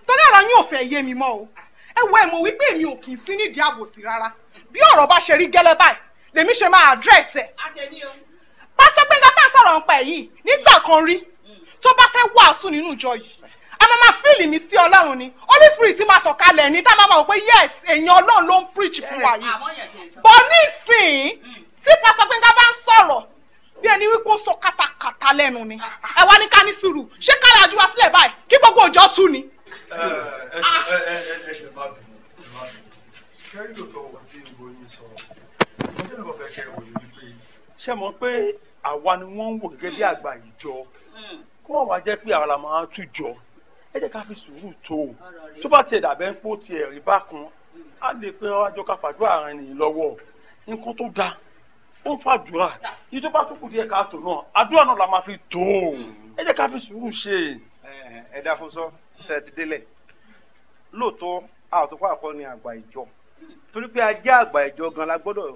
torí ọ̀rọ̀ yín ò fẹ́ yé mi mọ́ o ẹ wọ ẹ mọ̀ wípé èmi ò kì í sí nídìí àbòsí rárá bí ọ̀rọ̀ bá ṣe rí gẹ́lẹ́ báyìí lèmi ṣe máa àdírẹ́sì ẹ̀ pásítọ̀ Gbẹ́ngà tá a sọ̀rọ̀ ọ̀pá ẹ̀ yìí nígbà kan rí tó bá fẹ́ wàásù nínú ìjọ yìí a máa ma fíìlì mi sí ọlọ́run ni holy spirit máa sọ̀kalẹ̀ ní tá a máa ma pé yes èèyàn ọlọ́run ló ń preach fún wa yìí bọ́ nísìnyí tí pásítọ̀ Gbẹ́ngà bá ń sọ̀rọ̀ bí ẹni wípé ó sọ kàtàkàtà lẹ́nu ni ẹ wá ní ká ní sùúrù ṣé kára àjù wá sílẹ̀ báyìí kí gbogbo òjò tú ni. ṣé mo pé àwa ni wọ́n ń wò gẹ́gẹ́ bí àgbà ìjọ kó wọ́n wá jẹ́ pé àwa la máa tún jọ ẹ jẹ́ ká fi sùúrù tó o tó bá tiẹ̀ dàbẹ́ ń pò tiẹ̀ rí bákan á lè pé ọjọ́ ká fàdúrà ara ẹni lọ́wọ́ nǹkan tó dáa ó ń fàdúrà yìí tó bá tún kù díẹ̀ káàtó náà àdúrà náà la máa fi tó o ẹ jẹ́ ká fi sùúrù ṣe. ẹ dá fún sọ ṣe ti délẹ̀ lóòótọ́ àtúkọ́ àkọ́ni àgbà ìjọ torí pé ajé àgbà ìjọ gan la gbọ́dọ̀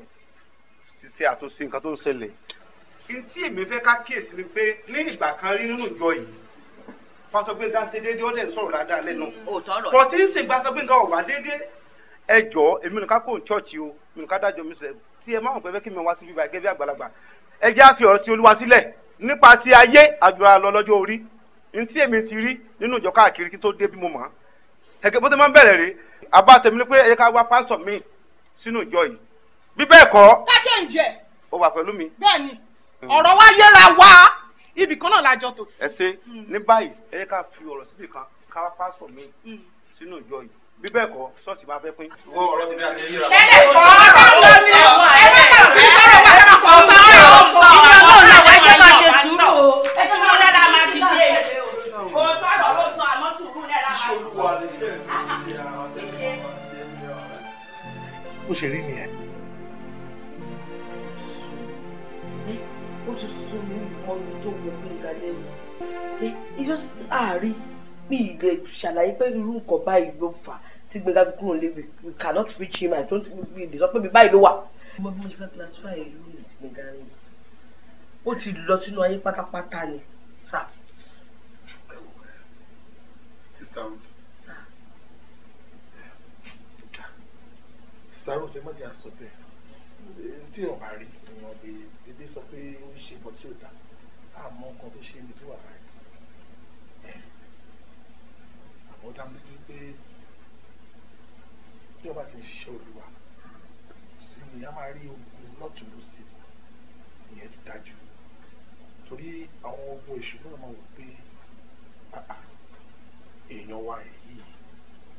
ti ṣe àtúnṣe nǹkan tó ń ṣẹlẹ̀ n tí èmi fẹ́ ká kíyèsí ni pé ní ìgbà kan rí nínú ìjọ yìí pásọgbé ṣe déédéé ó dẹ̀ ń sọ̀rọ̀ dáadáa lẹ́nu pọ̀ tí ń sìn gbàsọgbé ga déédéé ẹ jọ èmi nìkan kò ń chọ́ọ̀chì o èmi nìkan dájọ́ mi sílẹ̀ tí ẹ máa ń pẹ́ kí mi wá síbí báyìí gẹ́gẹ́ bí àgbàlagbà ẹ jẹ́ àfi ọ̀rọ̀ tí olúwa sílẹ̀ nípa ti ayé àjọra lọ lọ́jọ́ orí n tí èmi ti rí nínú ìjọ káàkiri kí tó dé bí mo mọ̀ ẹ̀kẹ́ bó ti máa ń bẹ̀rẹ̀ rèé àbá tèmi ni pé ẹ ká wá pásítọ̀ mi sínú ìjọ yìí bí bẹ́ẹ̀ kọ́. ká ṣe ń ó wà pẹ̀lú mi. bẹ́ẹ̀ ni Hmm. ọ̀rọ̀ wa yẹra wa ibì kan náà lájọ tò sí. ẹ ṣe hmm. ní báyìí ẹ yẹ ká fi ọ̀rọ̀ síbì kan ká wá pásítọ̀ mi hmm. sínú ìjọ yìí bí bẹ́ẹ̀ kọ́ ṣọ́ọ̀ṣì máa fẹ́ pín. owó ọ̀rọ̀ ti bí a ti yíra. tẹ́lẹ̀ kọ́ ọ̀rọ̀ mi ẹ bá kà sí ọ̀rọ̀ wa kà fọ́ ọ̀rọ̀ ọ̀rọ̀ ìgbà náà náà wá jẹ́ máa ṣe sùúrù o ẹ ti mú dáadáa máa fi ṣe. kò tọ́lọ̀ ló sọ àmọ́ sùúrù dáadáa máa fi ṣe. bó ṣe rí nìyẹn just àárí mi ìlẹ̀ ṣàlàyé pé irú nǹkan báyìí ló fà á tí gbẹ̀gà fi kúrò níbi we cannot reach him I don't we lè sọ pé mi báyìí ló wà. mo bí mo ṣe fẹ́ transfer ìlú gbẹ̀gà rẹ̀ ó ti lọ sínú ayé pátápátá ni sá. sista ruth sista ruth ẹ má jẹ́ àsọ bẹ́ẹ̀ tí wọn bá rí wọn lè dédé sọ pé ó ṣe bọ tí ó dá àmọ́ nǹkan tó ṣe mi tó wà á ó dá mi lójú pé tí ọba ti ń ṣiṣẹ́ olúwa sí ni a máa rí ogun lọ́tùnú sí ìyẹn ti dájú torí àwọn ogun èṣù náà máa wò pé èèyàn wa yìí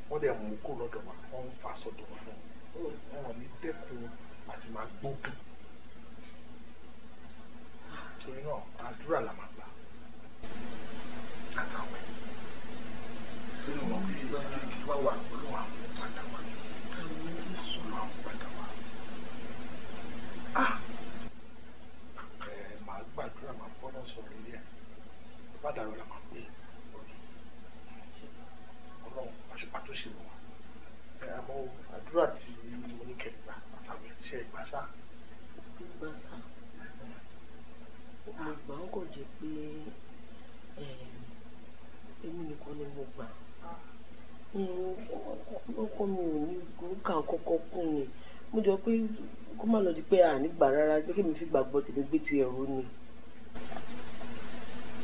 wọ́n dẹ̀ mú kó lọ́dọ̀ wa wọ́n ń fa sọ́dọ̀ wa náà wọ́n ní dẹ́kun àti máa gbógun torí náà àdúrà là máa bá wà pẹ̀lú àwọn padà wà ẹ̀rù ìṣúná padà wà. ẹ máa gbàdúrà máa fọ́nà sọ rere ẹ̀ padà rọ̀ la máa pè ọlọ́run aṣèpàtó ṣe wọ̀ ẹ àmọ́ àdúrà tí mo ní kẹgbà àtàwọn ṣe ìgbà sáà. ìgbà sáà mo gbà ń kọ̀ jẹ́ pé. ọkọ mi ò ní kà kọ́kọ́ kún ni mo jọ pé kó má lọ di pé à nígbà rárá pé kí mi fi gbàgbọ́ tèmi gbé ti ẹ̀rọ ni.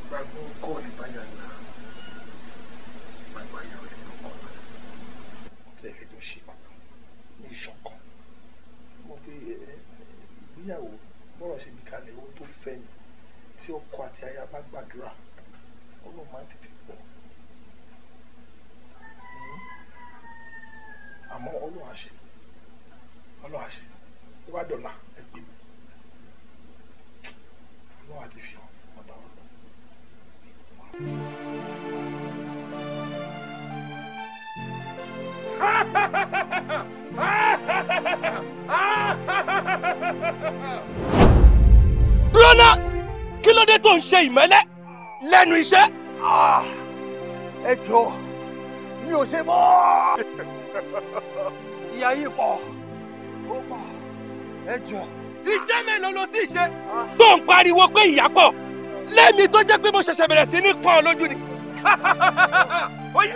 gbàgbọ́ kọ́ ni báyà náà gbàgbọ́ ayọ̀ rẹ̀ ló kọ́ náà tẹ́ fi lọ ṣe ọ̀nà ní ìṣọ̀kan mo pe ìgbéyàwó bọ́rọ̀ ṣe bí kalẹ̀ owó tó fẹ́ ni tí ọkọ àti aya bá gbàdúrà ọlọ́run máa ń tètè àmọ́ Olúwa ṣe Olúwa ṣe tó bá dọ̀là ẹ gbé mi Olúwa ti fi hàn ọ̀dà ọ̀dà. Ha kí ló dé tó ń ṣe ìmẹ́lẹ́ lẹ́nu iṣẹ́? Ah, ẹ jọ̀ọ́, mi ò ṣe mọ́. [LAUGHS] ìyá yìí pọ̀ ó pọ̀ ẹ jọ. iṣẹ́ mélòó ló ti ṣe tó ń pariwo pé ìyá pọ̀ lẹ́mi tó jẹ́ pé mo ṣẹ̀ṣẹ̀ bẹ̀rẹ̀ sí ní pọ́n lójú ni.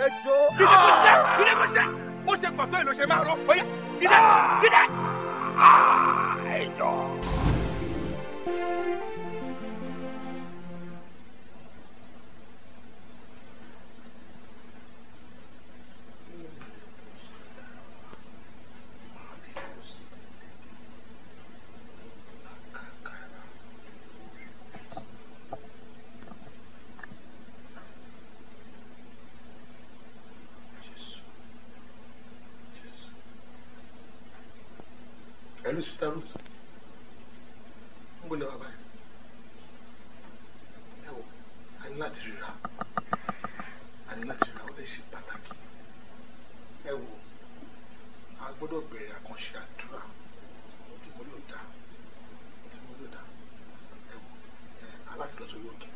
ẹjọ́ ìdè kò ṣe ìdè kò ṣe mo ṣe pọ̀ tó èlò ṣe máa rọ bóyá ìdè ìdè ah, ẹjọ́. ni sista ruth ń bọ̀ lẹ́wọ̀ báyìí ẹ wò a ní o ríra a ní láti ríra ó lè ṣe pàtàkì ẹ wò a gbọ́dọ̀ bẹ̀rẹ̀ àkànṣe àdúrà tí mo lò dá tí ẹ wò ẹ aláti lọ sórí òkè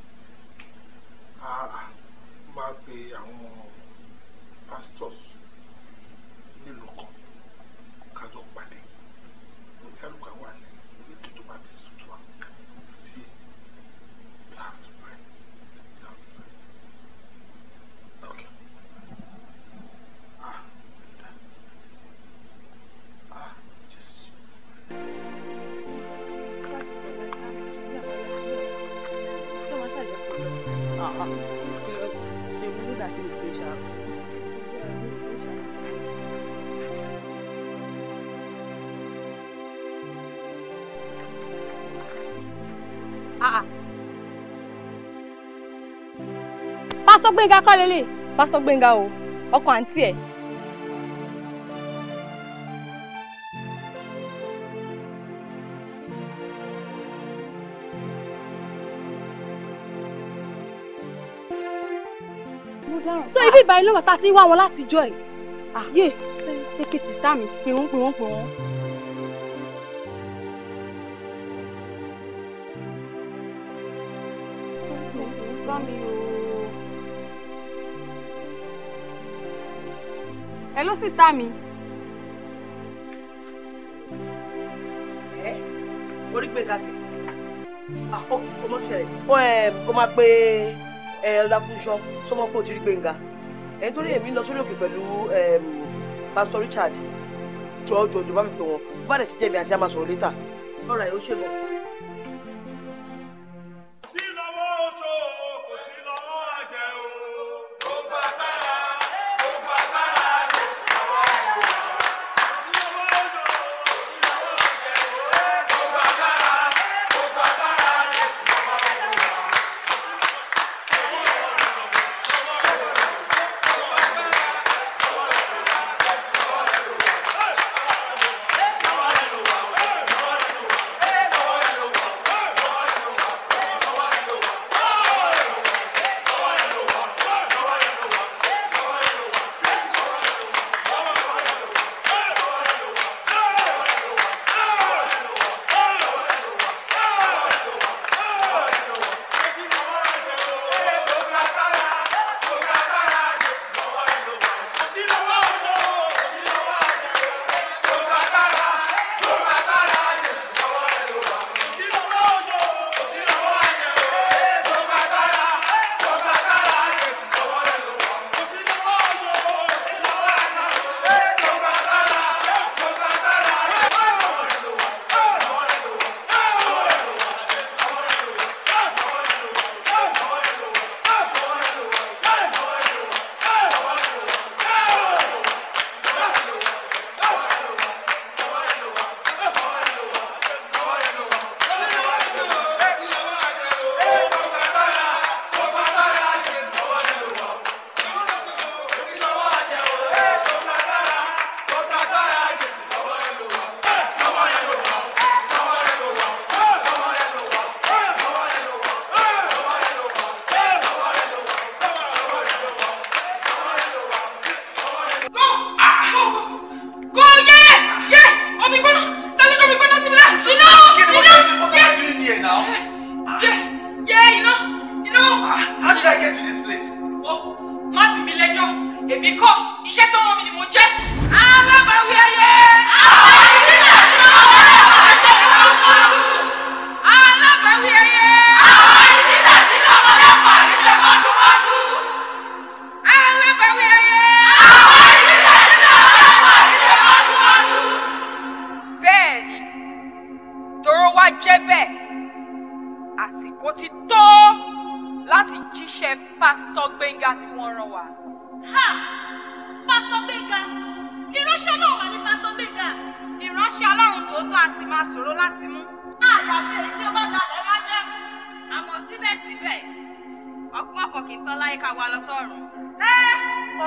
a máa pe àwọn pastors pásítọ̀ Gbénga kọ́ lélẹ̀ pásítọ̀ Gbénga o ọkọ àǹtí ẹ̀. so ibi ìbáyìí lọ́wọ́ tá a ti ń wá wọn láti jọ ẹ̀. àyè ah, pé kí sìstá mi pè wọ́n pè wọ́n pè wọ́n. sísá mi. ẹ orí pé gàgẹ ọmọ ah, oh, ṣẹlẹ̀ ó ẹ kó máa pe ẹ ọláfúnṣọ sọmọ pé ó ti rí gbẹngà ẹ nítorí èmi lọ sórí òkè pẹ̀lú pásítọ̀ Richard jọjọ jọba mi pè wọn bá dẹ̀ sí jẹ̀mí àti àmàsọ̀rọ̀ létà ọ̀rọ̀ ẹ̀ ó ṣègbọ́n.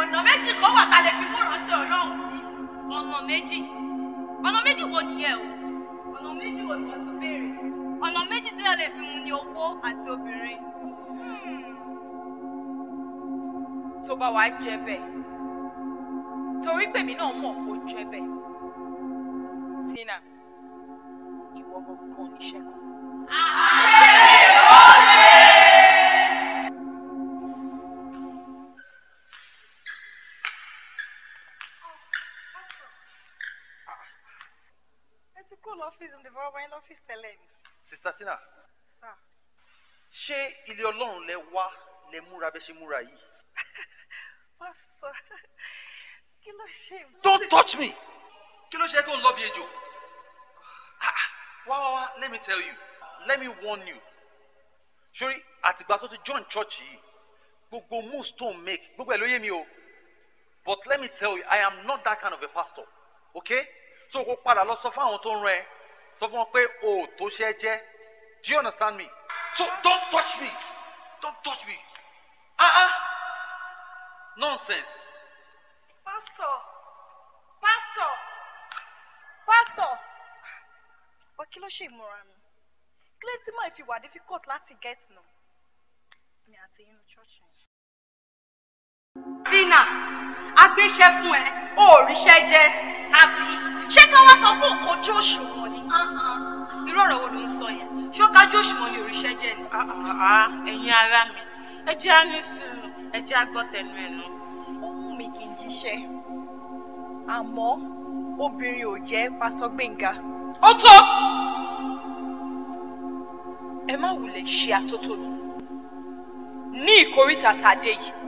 ọ̀nà méjì kan wà tá a lè fi mú ìránṣẹ́ ọlọ́run yìí. ọ̀nà méjì ọ̀nà méjì wo nìyẹn o. ọ̀nà méjì wo ni wọ́n ti béèrè. ọ̀nà méjì tí a lè fi mú ni owó àti obìnrin. Hmm. tó bá wàá jẹ bẹ́ẹ̀ torí pèmí náà mọ̀ kó jẹ bẹ́ẹ̀. Tina, ìwọ gbogbo oníṣẹ́ kan. Ah! evangelism ni fọwọ́ báyìí lọ́fíìsì tẹ́lẹ̀ mi. sista tina. sir. ṣé ilé ọlọ́run lẹ wá lẹ múra bẹ́ ṣe múra yìí. [LAUGHS] pásítọ̀ [LAUGHS] kí ló ṣe. don't touch me kí ló ṣe kó n lọ bí ejò. wá wá wá let me tell you let me warn you sori àtìgbà tó ti join church yìí gbogbo moves tó ń make gbogbo ẹ̀ ló yé mi o but let me tell you i am not that kind of a pastor okay so kó padà lọ sọ fún àwọn tó ń rán sọ fún wọn pé o tó ṣe é jẹ́ do you understand me so don't touch me don't touch me ah ah nonsense. pastor pastor pastor ọ kí ló ṣe ìmúra mi kí ló ti mọ ìfiwà difficult láti get nù mi àti inú church yẹn tina agbéṣẹ́ fún ẹ ó ríṣẹ́ jẹ́ àbí ṣé kí wọ́n sọ fún òkojú òṣùwọ̀n ni. Uh-huh. irú ọ̀rọ̀ wo ló ń sọ yẹn ṣó kájú òṣùwọ̀n ni òríṣẹ́ jẹ́ ni. Ah, ah, ah, ẹ̀yin ará mi ẹ jẹ́ á ní sùúrù ẹ jẹ́ á gbọ́ tẹnu ẹ̀ nù. ó wù mí kí n jíṣẹ́ àmọ́ obìnrin ò jẹ́ pásítọ̀ gbẹ̀ngà. ó tó ẹ má wulẹ̀ ṣe àtótónu ní ìkórìtà tá a dé yìí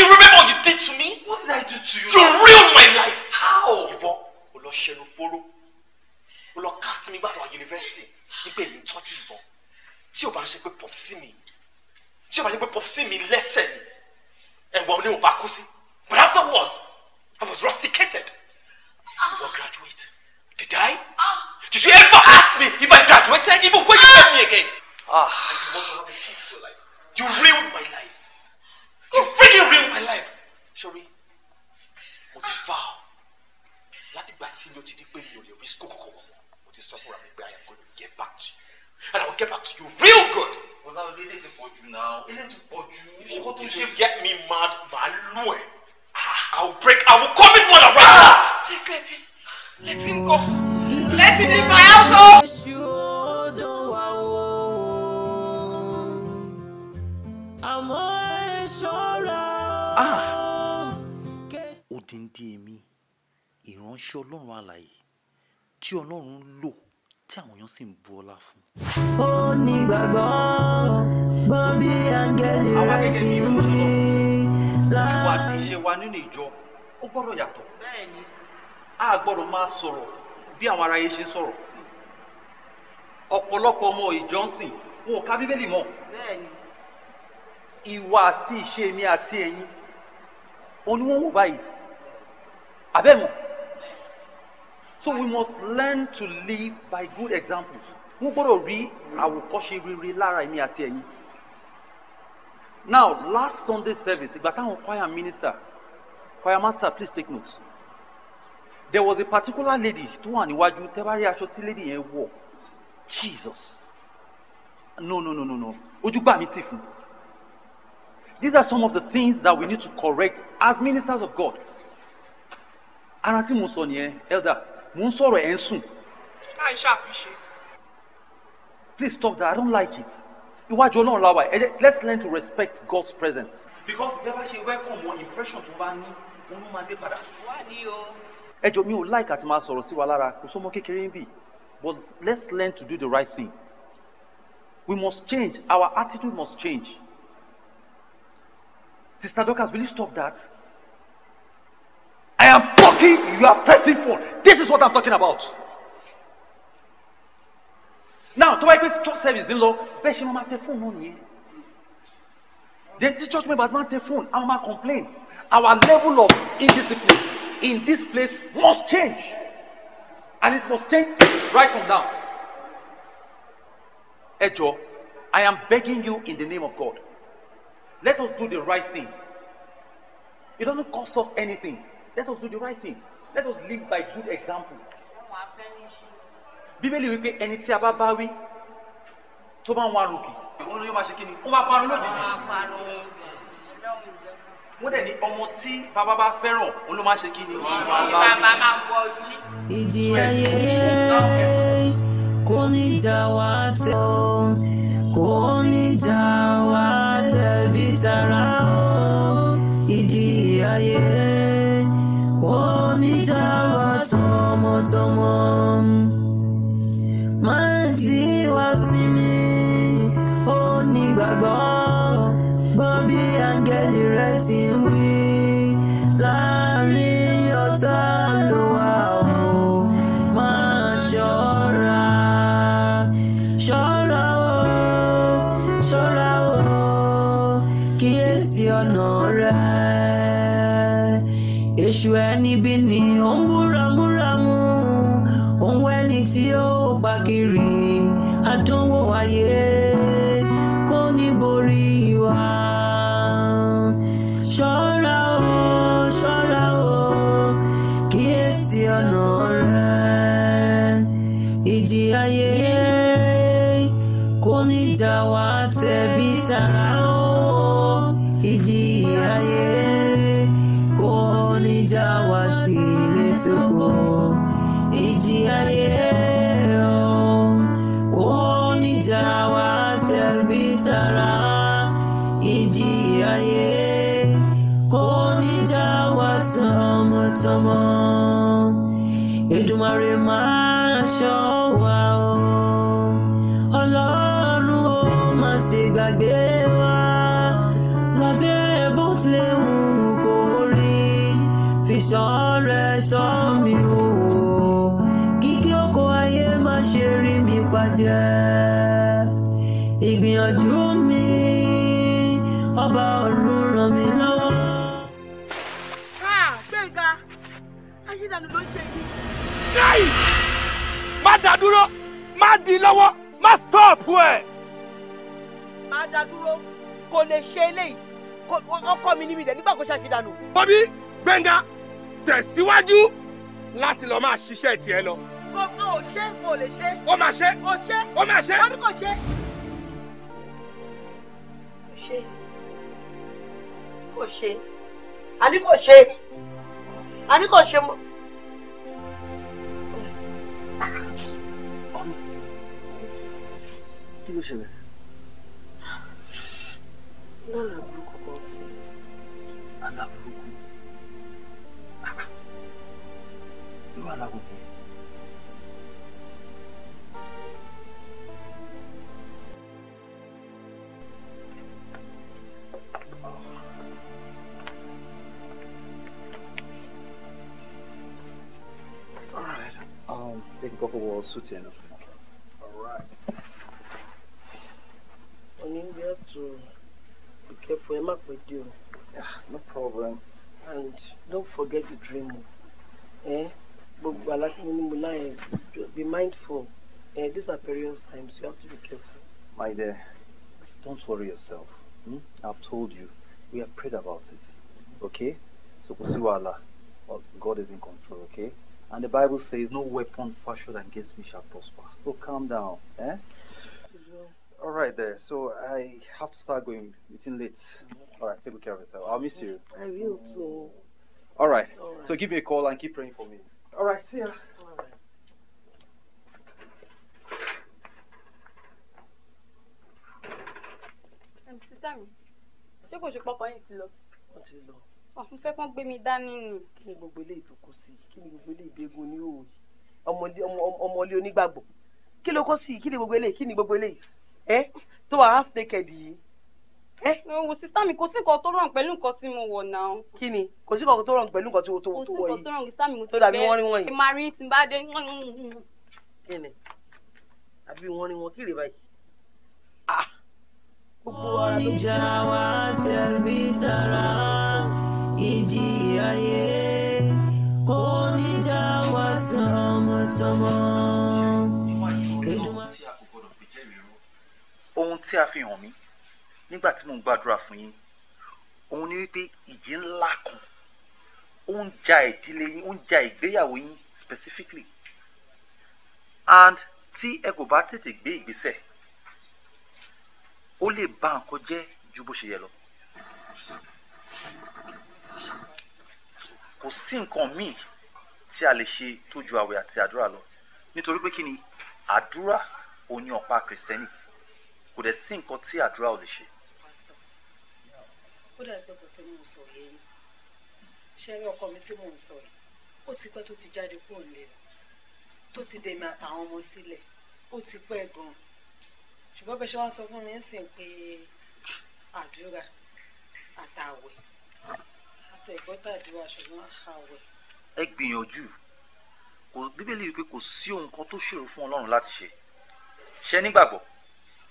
you remember what you did to me? What did I do to you? You ruined my life. How? You o lọ ṣẹnu fóró o lọ cast mi gbàdúrà yunifásitì nígbà èmi ń tọ́jú ìbọn tí o bá ń ṣe pé pop sí mi tí o bá ń ṣe pé pop sí mi but afterwards I was rusticated. Ah. You were graduate. Did I? Ah. Did you ever ask me if I graduated even when you met me again? Ah. And you want to have a peaceful life. You ruined my life you freaking ruined my life sori mo ti vow láti gbà tí mi ò ti di pé mi ò lè rí school kankan wọ̀ mo ti sọ fúnra mi pé I am going to get back to you and I will get back to you real good. Bọ́lá olú ilé ti pọ̀ jù náà ilé ti pọ̀ jù. Ìṣòro tó ṣe get me mad màá lù ẹ̀. Ah, I will break I will commit murder right Please let him let him go let him leave my house o. Oh. odindi èmi ìránṣẹ́ ọlọ́run alààyè tí ọlọ́run ń lò tí àwọn èèyàn sì ń bu ọlá fún. ó ní gbàgbọ́ gbọ́ bí rẹ̀ ti ń rí láàá. ìwà àti ìṣe wa nínú ìjọ ó gbọ́dọ̀ yàtọ̀ a gbọ́dọ̀ máa sọ̀rọ̀ bí àwọn aráyé ṣe ń sọ̀rọ̀ ọ̀pọ̀lọpọ̀ ọmọ ìjọsìn wọn ò ka bíbélì mọ́ ìwà àti ìṣe mi àti ẹ̀yin oníwọ̀n wò báyìí abẹ́mu so we must learn to live by good examples mo gbọ́dọ̀ rí àwòkọ́ṣe rere lára èmi àti ẹ̀yin now last Sunday service ìgbà táwọn choir minister choir master please take note there was a particular lady tó wà níwájú tẹ́bárí aṣọ tí lady yẹn wọ̀ Jesus no no no no no ojúgbà mi tì fún these are some of the things that we need to correct as ministers of God ara tí mo sọ nìyẹn elder mo ń sọ̀rọ̀ ẹ̀ ń sùn. láì ṣàfiṣe. please stop that i don't like it iwájú ọlọ́run la wà ẹ let's learn to respect God's presence. because bí a bá ṣe welcome wọn impression tó bá ní wọn ló máa gbé padà. wà ní o. ẹ jọ mi ò like àti máa sọ̀rọ̀ sí wa lára kò sọ́mọ kékeré ń bì but let's learn to do the right thing we must change our attitude must change sister dorcas will you stop that i am talking, you are pressing phone. This is what I'm talking about. Now, to my yẹ pé church service ń lọ, bẹ́ẹ̀ ṣe wọ́n phone? tẹ fóònù Then the church members want tẹ phone. àwọn máa complain. Our level of indiscipline in this place must change. And it must change right from now. Ẹ jọ̀ọ́, I am begging you in the name of God. Let us do the right thing. It doesn't cost us anything let us do the right thing let us live by good example. wọn á fẹ́ ní ṣe. bíbélì wípé ẹni tí a bá bá wí tó bá ń wá ròkè. òun yóò máa ṣe kí ni ó máa parun lójijì. wọ́n dẹ̀ ní ọmọ tí bàbá bá fẹ́ràn òun ló máa ṣe kí ni. bàbá ayé kò ní jà wá tẹ̀ kò ní jà wá tẹ̀ bí tara ọ́ ayé onídàwà tọmọtọmọ máa tí wá sí mi ó ní gbàgbọ́ gbọ́ bí áńgẹ́lì rẹ ti ń wí láàrin ọ̀tá. èṣù ẹni bí ni ó ń búramúramú òun ẹni tí ó pa kiri àdánwò ayé. àtọmọ Èdùmàrè máa ṣọ́ wa o Ọlọ́run ó má ṣe gbàgbé wa lábẹ́ bó tilẹ̀ wù kó rí fi ṣọ́ rẹ̀ ṣọ́. dì í lọ́wọ́ má stop ẹ̀. máa dá dúró kò lè ṣe eléyìí ọkọ mi ní mi dẹ̀ nígbà kó ṣàṣì dànù. bóbí gbẹ̀ngà tẹ̀síwájú láti lọ máa ṣiṣẹ́ tiẹ̀ lọ. kò kò ṣe kò lè ṣe. ó máa ṣe. kò ṣe. ó máa ṣe. wọ́n ní kò ṣe. kò ṣe. kò ṣe. àní kò ṣe. àní kò ṣe mo. ló ṣẹlẹ̀. lálà burúkú kan sí. àlà burúkú irú àlà gbogbo. All right. Um, they can go suit, you know. to be careful. I'm up with you. No problem. And don't forget the dream. Eh? Be mindful. Eh, these are perilous times. You have to be careful. My dear, don't worry yourself. Hmm? I've told you. We have prayed about it. Okay? So, Kusiwala, God is in control, okay? And the Bible says, No weapon fashioned against me shall prosper. So calm down. Eh? All right, there. So I have to start going. It's in late. All right, take good care of yourself. I'll miss you. I will too. All right. All right. So give me a call and keep praying for me. All right. See ya. All um, Sister mi, ṣé kò ṣe pọpọ yìí ti lọ? Wọ́n ti lọ. Ọ̀sùn fẹ́ kán gbé mi dání ni. Kí ni gbogbo eléyìí tó kó sí? Kí ni gbogbo eléyìí gbégun ní òòyì? Ọmọlé onígbàgbọ́. Kí ló kó sí? Kí ni gbogbo eléyìí? Kí ni gbogbo eléyìí? ẹ tó wà half naked yìí. ẹ wo sista mi kò sí nǹkan tó rọrùn pẹ̀lú nǹkan tí mo wọ̀ náà. kí ni kò sí nǹkan tó rọrùn pẹ̀lú nǹkan tí mo tó wọ̀ yìí. kò sí nǹkan tó rọrùn sista mi mo ti bẹ́ẹ̀ tó dàbí wọ́n rí wọ́n yìí. ìmàrí ti bá dé. kí ni àbí wọ́n rí wọn kiri báyìí. oníjà ah. wa tẹ̀lé tara ìjì ayé kò níjà wa tọmọtọmọ. ohun tí a fi hàn mí nígbà tí mò ń gbàdúrà fún yín òun ni wípé ìjì ńlá kan ó ń ja ìdílé yín ó ń ja ìgbéyàwó yín specifically and tí ẹ kò bá tètè gbé ìgbésẹ̀ ó lè bà nǹkan jẹ́ ju bó ṣe yẹ lọ. kò sí nǹkan míì tí a lè ṣe tó ju àwẹ̀ àti àdúrà lọ nítorí pé kí ni àdúrà òun ni ọ̀pá kìrìsìtẹ́nì kò dẹ̀ sí nǹkan tí àdúrà ò lè ṣe. pásítọ̀ ó dàbí pé kò tó mò ń sọ yé mi ṣé rí ọkọ mi tí mò ń sọ yìí ó ti pẹ́ tó ti jáde kúrò nílé rẹ̀ tó ti dèmi àtàwọn ọmọ sílẹ̀ ó ti pẹ́ gan-an ṣùgbọ́n bẹ́ẹ̀ ṣe wá sọ fún mi ń sìn pé ah, àdúrà àtàwẹ̀ àti ẹ̀gbọ́tàdúrà ṣùgbọ́n àwẹ̀. ẹ gbìyànjú bíbélì wípé kò sí ohun kan tó ṣòro fún ọlọ́run láti ṣe ṣe nígbàgbọ́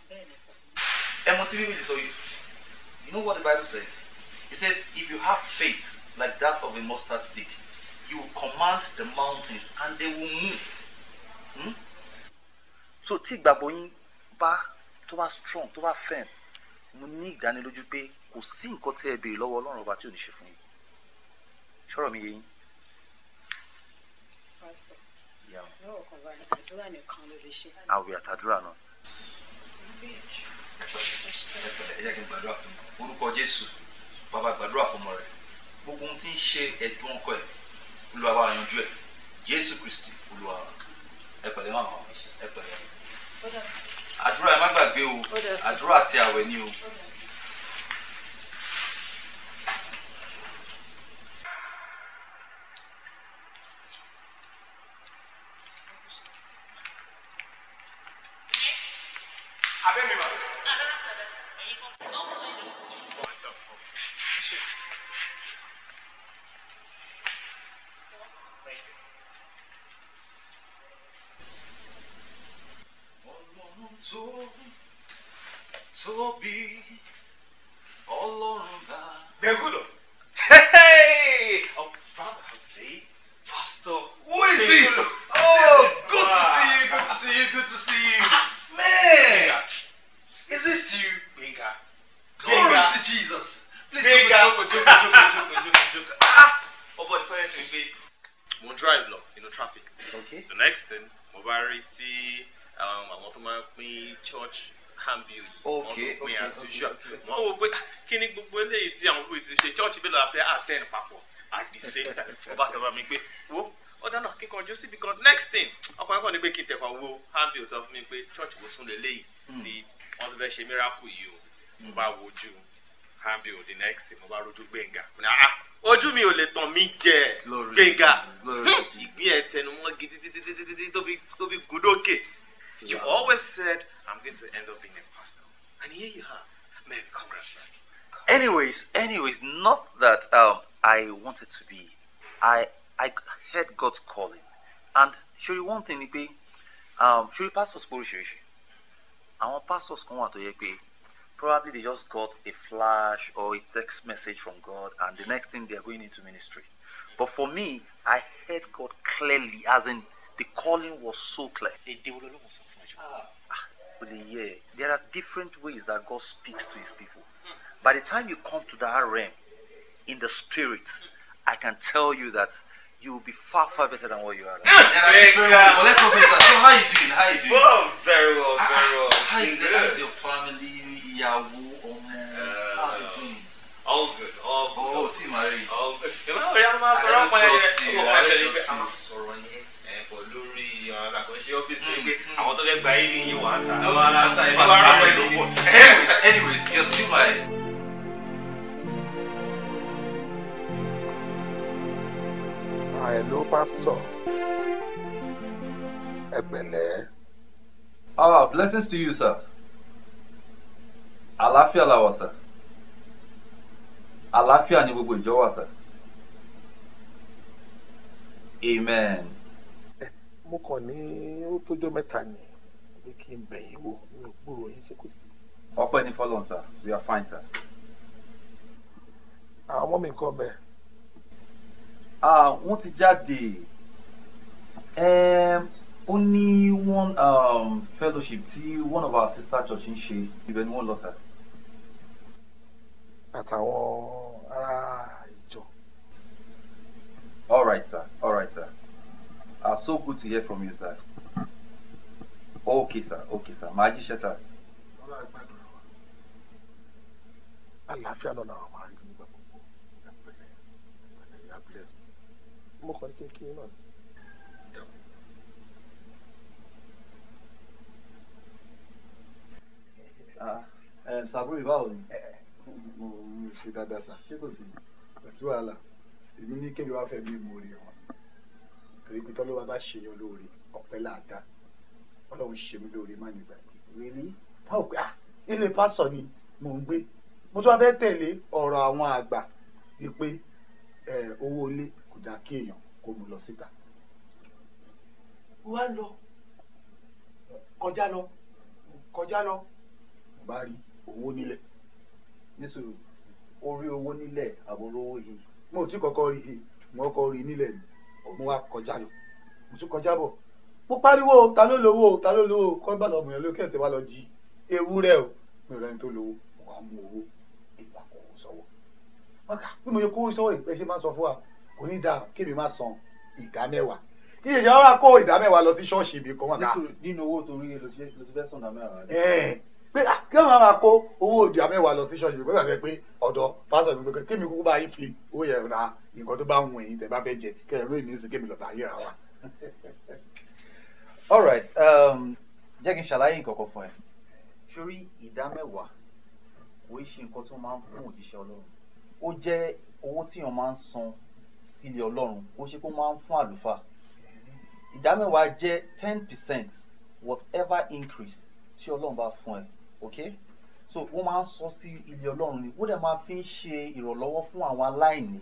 ẹmọ tí bíbélì sọ yìí you know what the bible says it says if you have faith like that of a mustard seed you will command the mountains and they will move. Hmm? so tí baboyin ba bá tó strong tó bá firm mo ní ìdánilójú pé kò sí nǹkan tẹ́ ẹ béèrè lọ́wọ́ ọlọ́run ọba tí ò ní ṣe fún yín ṣọ́rọ̀ mi yé yín. Yeah. lọ́wọ́ kan báyìí àdúrà nìkan ló lè ṣe. àwẹ̀ àtàdúrà náà ẹ jẹ́ kí n gbàdúrà fún mi orúkọ Jésù bàbá gbàdúrà fún ọmọ rẹ gbogbo ohun tí ń ṣe ẹ̀dùn ọkọ ẹ̀ Olúwa bá yanjú ẹ̀ Jésù Kristi Olúwa ẹ pẹ̀lẹ́ màmá ẹ pẹ̀lẹ́ àdúrà ẹ má gbàgbé o àdúrà àti àwẹ̀ ni o. ojú gbẹ̀ngà ah, ah, ojú mi ò lè tàn mí jẹ gbẹ̀ngà hmm, ìgbín ẹ̀ tẹnumọ́ gidi títí tó fi gùn dókè you always said I'm going to end up being a pastor and here you are man congrats man. Anyways, anyways, not that um, I wanted to be. I I heard God's calling, and ṣòrí one thing ni pé um, ṣòrí pastors pé oríṣiríṣi àwọn pastors kan wà tó yẹ pé probably they just got a flash or a text message from God, and the next thing they are going into ministry. But for me, I heard God clearly, as in the calling was so clear. Ah, there are different ways that God speaks to His people. By the time you come to that realm in the spirit, I can tell you that you will be far far better than what you are. Right? Yeah, very well. let's open this up. So how you doing? How you doing? Well, very well, very well. How is, how is your family? ìyàwó ọmọ eh, ah, all good all oh, good ọwọ́ tí màá rí all good ìmọ̀ àwọn ìyá máa sọ̀rọ̀ ọmọ ẹ̀yẹ ọmọ pàṣẹ ní pé àwọn ah, sọ̀rọ̀ yẹn ẹ̀pọ̀ eh, lórí àkànṣe ọ́fíìsì ní mm, pé mm. àwọn tó fẹ́ gba yín ní yín wà á ta àwọn ara rẹ̀ ló anyways you you're still my. Hello, Pastor. Ẹ Ah, blessings to you, sir àlàáfíà la wà sà àlàáfíà ni gbogbo ìjọ wà sà amen. mo kàn ní ó tójọ́ mẹ́ta ni pé kí n bẹ̀yìn wò mi ò gbúrò yín ṣe kò sí. ọpẹ́ ní fọlọ́n sà we are fine sà. àwọn ọmọ mi kọ́ bẹ́ẹ̀. wọ́n ti jáde ó ní one um, fellowship tí one of our sister church ń ṣe ibẹ̀ ni wọ́n lọ sà àtàwọn ará ìjọ. all right sir all right sir ah so good to hear from you sir okay sir okay sir màá jíṣẹ́ sir. ọlọ́run àgbàdùn wa àlàáfíà lọ́la àwọn máa rí nígbà gbogbo ẹ̀pẹ̀lẹ́ ẹ̀pẹ̀lẹ́ you blessed mo kàn ní náà ni. Ah, um, eh, Sabri, báwo ni? Eh, mo ṣe dáadáa sà ṣé kò sí kò sí wàhálà èmi ní kéde wàá fẹ́ mi mú orí wọn torí pé tọ́lọ́wọ́ bá ṣe yan lóore ọ̀pẹ́ láàdá ọlọ́run ṣe mí lóore má nígbà yìí. báwo gbà ilé pásọ ni mò ń gbé mo tún wá fẹ́ tẹ̀lé ọ̀rọ̀ àwọn àgbà wípé owó ilé kò dáa kí èèyàn kó mu lọ síta. wá lọ kọjá lọ kọjá lọ bá rí owó nílẹ̀ nísòro orí owó nílẹ̀ àbúrówó yìí. mo ti kọ́kọ́ rí i mo kọ́kọ́ rí i nílẹ̀ ni mo wá kọjá lọ mo tún kọjá bọ̀ mo pariwo ta ló lówó ta ló lówó kọ́ bá lọ́ọ́ bìnrin lókè tí wàá lọ jí ewúrẹ́ o mi ò rẹ́ni tó lówó mo wá mú owó ìgbà kò sọ́wọ́ mọ́kà bí mo yẹ kó sọ́wọ́ ìpẹ́ ṣe máa sọ fún wa kò ní dáa kébì máa san ìdá mẹ́wàá kí ìṣẹ́ wa kó ìdá mẹ́wàá lọ sí ṣọ́ọ̀ṣì mi kọ́ wọn ká. nínú owó torí ló ti fẹ́ sọ̀dá pé ah, kí wọ́n máa kó owó òdì àmẹ́wàá lọ sí ṣọ́ọ̀ṣì mi pẹ́ẹ́sì pé ọ̀dọ̀ pásọ̀ mi pé kémi kúkú bá yín fi owó yẹn ra nǹkan tó bá ń wọ̀nyí tẹ́ bá fẹ́ jẹ kẹrin lóyún ní í sìn kémi lọ́ọ́ wa. all right um, jẹ́ kí n ṣàlàyé nǹkan kan fún ẹ sórí ìdá mẹ́wàá kò í ṣe nǹkan tó máa ń fún òjíṣẹ́ ọlọ́run ó jẹ́ owó tíyàn máa ń san sílé ọlọ́run ó ṣe kó máa ń fún àlùfáà ìdá ten percent whatever increase tí ọlọ́run bá okay so wọ́n máa ń sọ sí ilé ọlọ́run ni wọ́n dẹ̀ máa fi ń ṣe ìrànlọ́wọ́ fún àwọn aláìní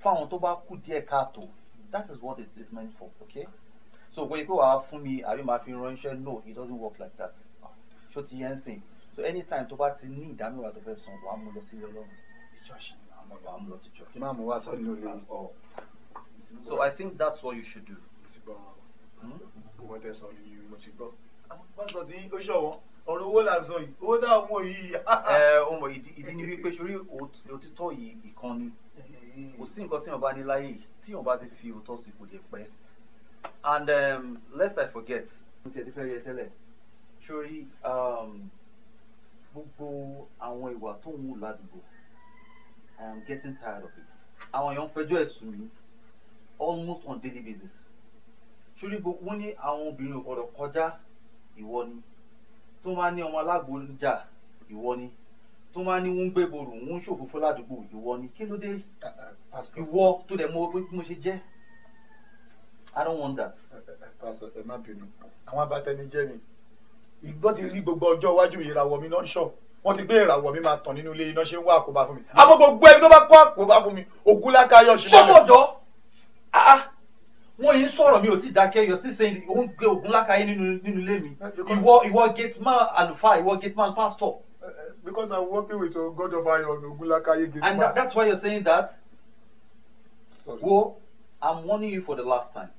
fún àwọn tó bá kù díẹ̀ káàtó that is what it is meant for okay so kò yẹ pé wàá fún mi àbí màá fi ránṣẹ́ no it doesn't work like that ṣó ti yẹn sìn so anytime tó bá ti ní ìdámẹ́wàá tó fẹ́ san wàá mú lọ sí ilé ọlọ́run church wàá mú lọ sí church. ìmáàmù wa sọ ní olè. so i think that's what you should do. mo ti gbọ́ wọn. Hmm? mo ti gbọ́. àwọn gbọ́dọ̀ tí ó ṣọ̀wọ́n ọ̀rọ̀ owó là yìí owó tá a yìí. [LAUGHS] ẹ o ìdí ni wípé sori òtítọ́ yìí ìkan kò sí nǹkan tí wọn bá ní láyé tí wọn bá ti fi òótọ́ sí kò lè pẹ́ and um, lest I forget mo ti ẹ̀ ti fẹ́ rí ẹ tẹ́lẹ̀ sori um, gbogbo àwọn ìwà tó ń wù ládùúgbò I am getting tired of it àwọn èèyàn fẹjọ́ ẹ̀sùn mi almost on daily basis sori gbogbo wọn ní àwọn obìnrin ò gbọdọ̀ kọjá ìwọ ni tó máa ní ọmọ alágbo ń jà ìwọ ni tó máa ní ń gbéborò ń ṣòfófó ládùúgbò ìwọ ni kí ló dé ìwọ tó dẹ̀ mọ bí mo ṣe jẹ́ I don't want that. Pastor ẹ má bínú àwọn abatẹnijẹ́ mi ìgbọ́n ti rí gbogbo ọjọ́ iwájú mi náà ń ṣọ̀ wọ́n ti gbé ìràwọ̀ mi máa tàn nínú ilé iná ṣe ń wá àkóbá fún mi àmọ́ gbogbo ẹni tó bá kó àkóbá fún mi ògúnlákayọ̀ ṣe máa lọ. ṣé kò mo yìí ń sọ̀rọ̀ mi ò tí ì dákẹ́ yọ sí sẹ́yìn ó ń gbé ogun lákàáyé nínú nínú ilé mi uh, ìwọ ìwọ gate man àlùfáà ìwọ gate man pastor. Uh, uh, because i'm working with your god of iron ogunlakaye gate man. and that, that's why you're saying that. Sorry. wo i'm warning you for the last time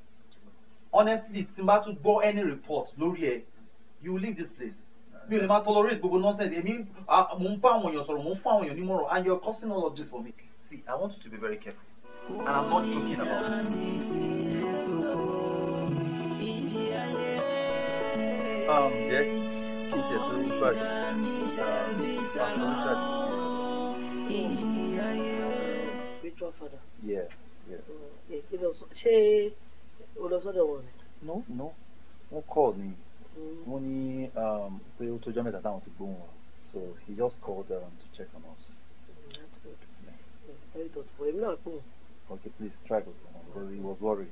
honestly tí n bá tún gbọ́ any report lórí ẹ you will leave this place mi ò lè máa tolerate gbogbo nonsense èmi mo ń bá àwọn èèyàn sọ̀rọ̀ mo ń fún àwọn èèyàn nímọ̀ràn and you're causing all of this for me see i want you to be very careful and I'm not joking about it. Um, jẹ́ kí ìṣẹ̀ tó ń gbà jù àtúntà Spiritual father. Yeah, yeah. Ṣé o lọ sọ́dọ̀ wọn ni? No, no. Wọ́n call ni. Mm. Wọ́n ní um, pé ó tó jọ́ mẹ́ta táwọn ti gbóhùn wa. So he just called um, to check on us. Mm, that's good. Yeah. Very thoughtful. Èmi náà pè wọ́n. Okay, please try to because he was worried.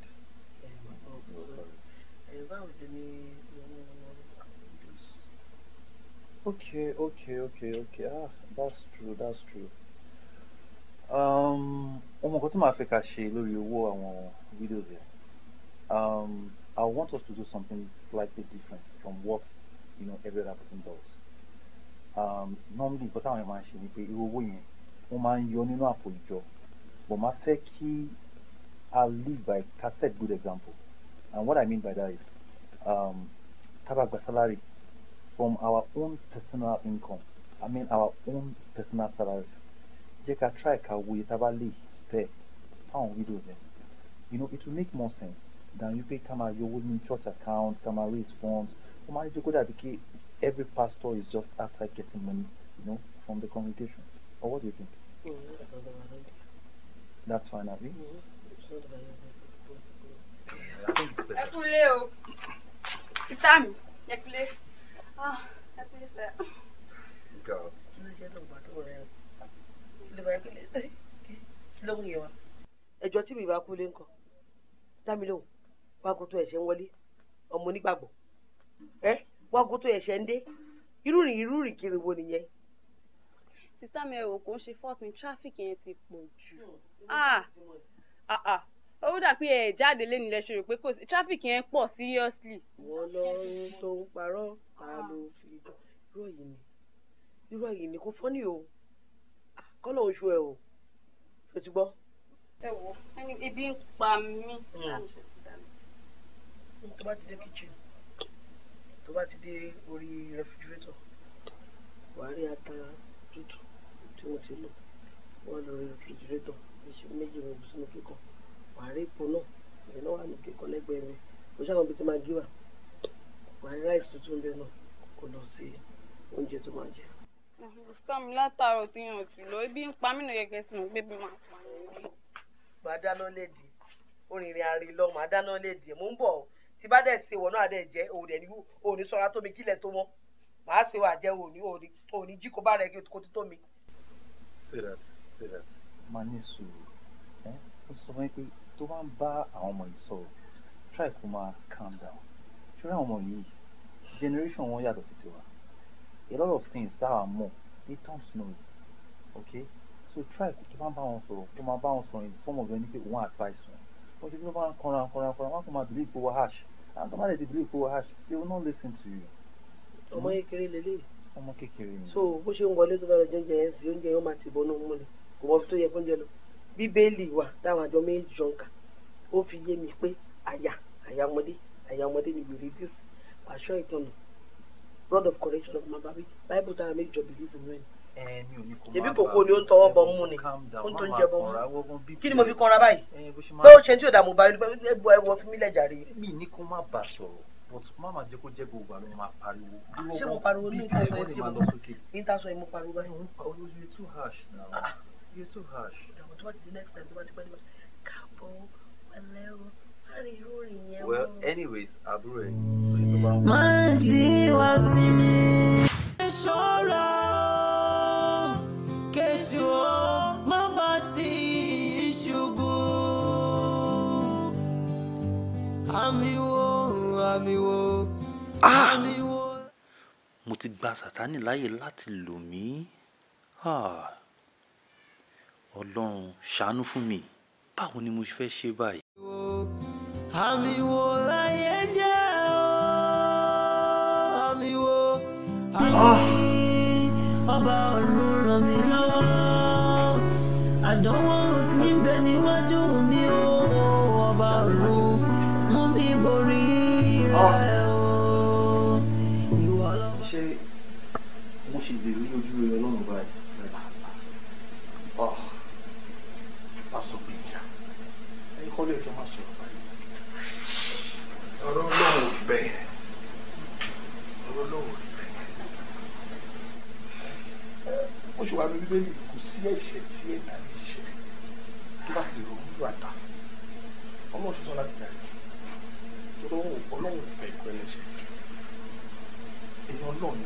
He was worried. Okay, okay, okay, okay. Ah, that's true, that's true. Um, ọmọ nǹkan tí màá fẹ́ ká ṣe lórí Um, I want us to do something slightly different from what you know every other person does. Um, normally, but táwọn yẹn máa ń ṣe ni pé irú owó yẹn wọ́n máa ń yọ but máa fẹ́ kí a lead by ká set good example and what I mean by that is um, tá salary from our own personal income I mean our own personal salaries You can try ká wo tá bá spare fáwọn widows yẹn you know it will make more sense than you pay ká máa yọ owó church accounts, come raise funds ó máa ń jẹ́ kó dàbí every pastor is just after getting money you know from the congregation or what do you think. Mm, That's fine, Abby. Ẹ kúlé o. Sísá mi, ẹ kúlé. Ah, ẹ kúlé sẹ́. Ǹjọ́. Kí ló ṣe lóògbà tí mi bá kúlé ńkọ́. Dámi lóhùn, wákòtò ẹ̀ṣẹ̀ ọmọ onígbàgbọ́. Ẹ wákòtò ẹ̀ṣẹ̀ ń Irú rìn irú rìn kiri wo nìyẹn? sísá mi ẹ̀wò kò ń ṣe fault ní tráfíkì yẹn ti pọ̀ jù hmm, ah, ah, ah. ó dà pé ẹ jáde lé nílẹ̀ ṣe rò pé kò tráfíkì yẹn pọ̀ seriously. wọ́n lọ ń tó ń parọ́ ara ló fi irọ́ yìí ni irọ́ yìí ni kò fọ́nì o kọ́lọ̀ oṣù ẹ̀ o ṣe ti gbọ́. ẹ wo ẹni ebi ń pa mí. Hmm. tó bá ti dé kitchen tó bá ti dé orí rẹfrigirétọ̀ wàá rí ata tútù tí wọ́n ti lò wọ́n lọ rí rẹfrigirétọ̀ méjì wọn bù sínú kíkan wàá rí epo náà èyí náà wà ní kíkan lẹ́gbẹ̀ẹ́ mi kò sáà wọn bí ti máa gíwà wàá ráìsì tuntun bẹ́ẹ̀ náà kò lọ sí oúnjẹ tó máa jẹ. sọmi látàárọ̀ tí yàn jù lọ ibi ń pa mí lóye gẹ̀ẹ́sì mọ̀ pé bí máa pa mí. màá dáná léde orinrin arin lọ màá dáná léde mò ń bọ̀ tí bá dẹ̀ ṣe wọ̀ náà dẹ̀ jẹ́ òun dẹ̀ ní òun ní sọ́ra tómi kílẹ̀ tó mọ́ màá ṣe wà jẹ́ òun ní òun ní jí kó bá rẹ̀ kó tó tómi. Sirat Sirat. Má ní sùúrù. Ẹ ó sọ fún mi pé tó bá ń bá àwọn ọmọ yìí try kó máa calm down. Ṣé àwọn ọmọ yìí generation wọn yàtọ̀ sí tiwa? A lot of things that are more they don't know it. Okay? So try to bá ń bá wọn sọ̀rọ̀ kó máa bá wọn sọ̀rọ̀ in the form of ẹni pé òun advice wọn. Wọ́n ti fi bá wọn kọ́ra kọ́ra kọ́ra wọn kò máa believe owó hash. Àwọn tó bá lè ti believe owó hash they will not listen to you. Ọmọ yẹn kéré lélẹ́yìí ọmọ kékeré mi. so bó ṣe ń wọlé tó bá lọ jẹjẹ ẹ fi oúnjẹ yẹn máa ti bọnú múlẹ̀ kò bọ́ fi tó yẹ fóúnjẹ lọ bíbélì wa táwọn àjọ méjì jọ ń kà ó fi yé mi pé àyà àyà ọmọdé àyà ọmọdé ni wèrè dí sí pàṣọ ìtọ́nà rod of correction of mababi bible táwọn méjì jọ bìlíìfù mẹ́rin tèmi kòkó ni ó ń tọwọ́ bọ̀ mú ni ó ń tó ń jẹ bọ̀ mú kí ni mo fi kanra báyìí pé ó ṣe tí ò dààmú bá ẹwọ fún mi lẹ́jà rèé. mi ní kó má bà sọ̀rọ̀ but má máa jẹ́ kó jẹ́ gbogbo àlọ́ máa pariwo. Ah, ṣé mo pariwo ní ìta sọ èsì mo ní ìta sọ èmo pariwo báyìí. òun pariwo you're too harsh now ah, ah. you're too harsh. ìdààmú tó bá ti di next time tó bá ti pẹ́ nípa káàbọ̀ pẹ̀lẹ́ o ariwo rìn yẹn o. well anyways àbúrò ẹ̀ tó ti wá sí mi. ẹ ṣọ́ra o Ah! mo ti gba sátánì láàyè láti lò mí ah! ọlọ́run ṣàánú fún mi báwo ni mo fẹ́ ṣe báyìí. Ah! ọba ọ̀run ràn mí lọ́wọ́ àdánwò tí ń bẹ níwájú mi. bíbélì kò sí ẹ̀ṣẹ̀ tí ẹ̀dá lè ṣe tó bá fi ronú ló àtà ọlọ́run tuntun láti darí jù ọlọ́run ọlọ́run fẹ́ ìkọ́ ẹlẹ́ṣẹ̀ èèyàn ọlọ́run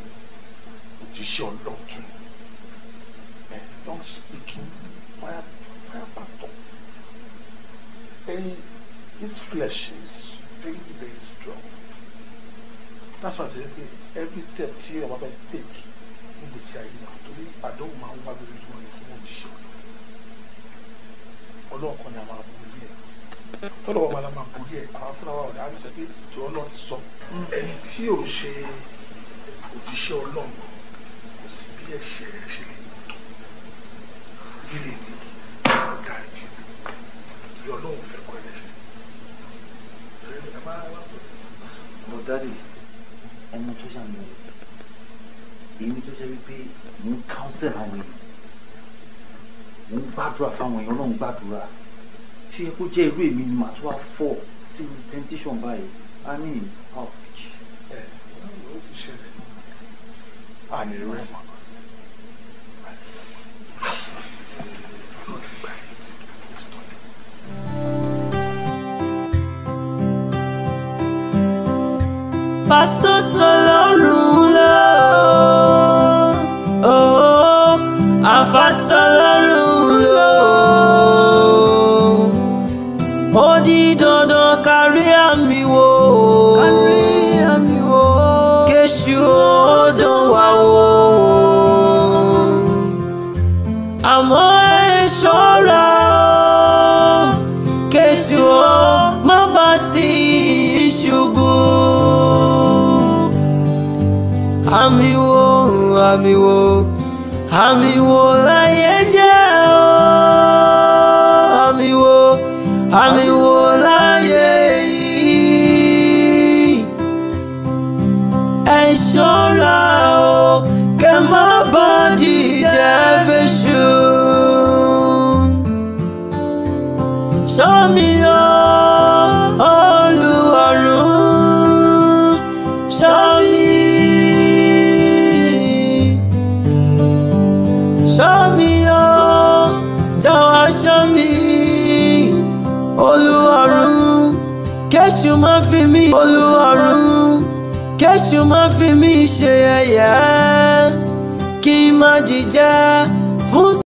òjíṣẹ́ ọlọ́run tún ni ẹ̀ don speaking fire fire battle his flesh is very very strong that's why i say every step tí ọba bẹ take ìgbésí ayé wọn torí àdéhùn máa ń wá lórí tí wọn lè fún òjíṣẹ́ ọlọ́ọ̀kan ni a máa borí ẹ̀ tọ́lọ̀ wọn máa borí ẹ̀ àwọn fúnra wa ọ̀dà àbíṣe pé tí ọlọ́ọ̀ ti sọ ẹni tí ò ṣe òjíṣẹ́ ọlọ́run kò sí bí ẹ̀ṣẹ̀ rẹ̀ ṣe lè mú tó líle ni wọn darí jì torí ọlọ́run fẹ́ kọ́ ẹlẹ́ṣẹ̀ torí ẹ máa wá sọ. mọ̀sádì èmi tó ṣe wípé mo ń kánsẹ̀ àwọn èèyàn mo ń gbàdúrà fáwọn èèyàn náà ń gbàdúrà ṣé yẹ kó jẹ́ irú èmi ni màá tó wá fọ́ sínú temptation báyìí i mean oh ẹ ẹ o ti ṣẹlẹ̀ àmì rẹ mọ. Pásítọ̀ tí Ọlọ́run àfàtọ́lọ́rùn lò ó di dandan kárí àmì wò ó kéṣù ó dán wa wo, amo àmọ́ ẹ ṣọ́ra ó kéṣù ó má bá ti ṣubú àmì wò àmì wò àmì wo láyé jẹ́ o àmì wo àmì wo láyé yìí ẹ ṣọ́ra o kẹ́ má bá dìtẹ̀ fẹ́ ṣù. Show me fi mí olúwarun kéṣù má fi mí ṣe ẹ̀yà kí má dìjà fún.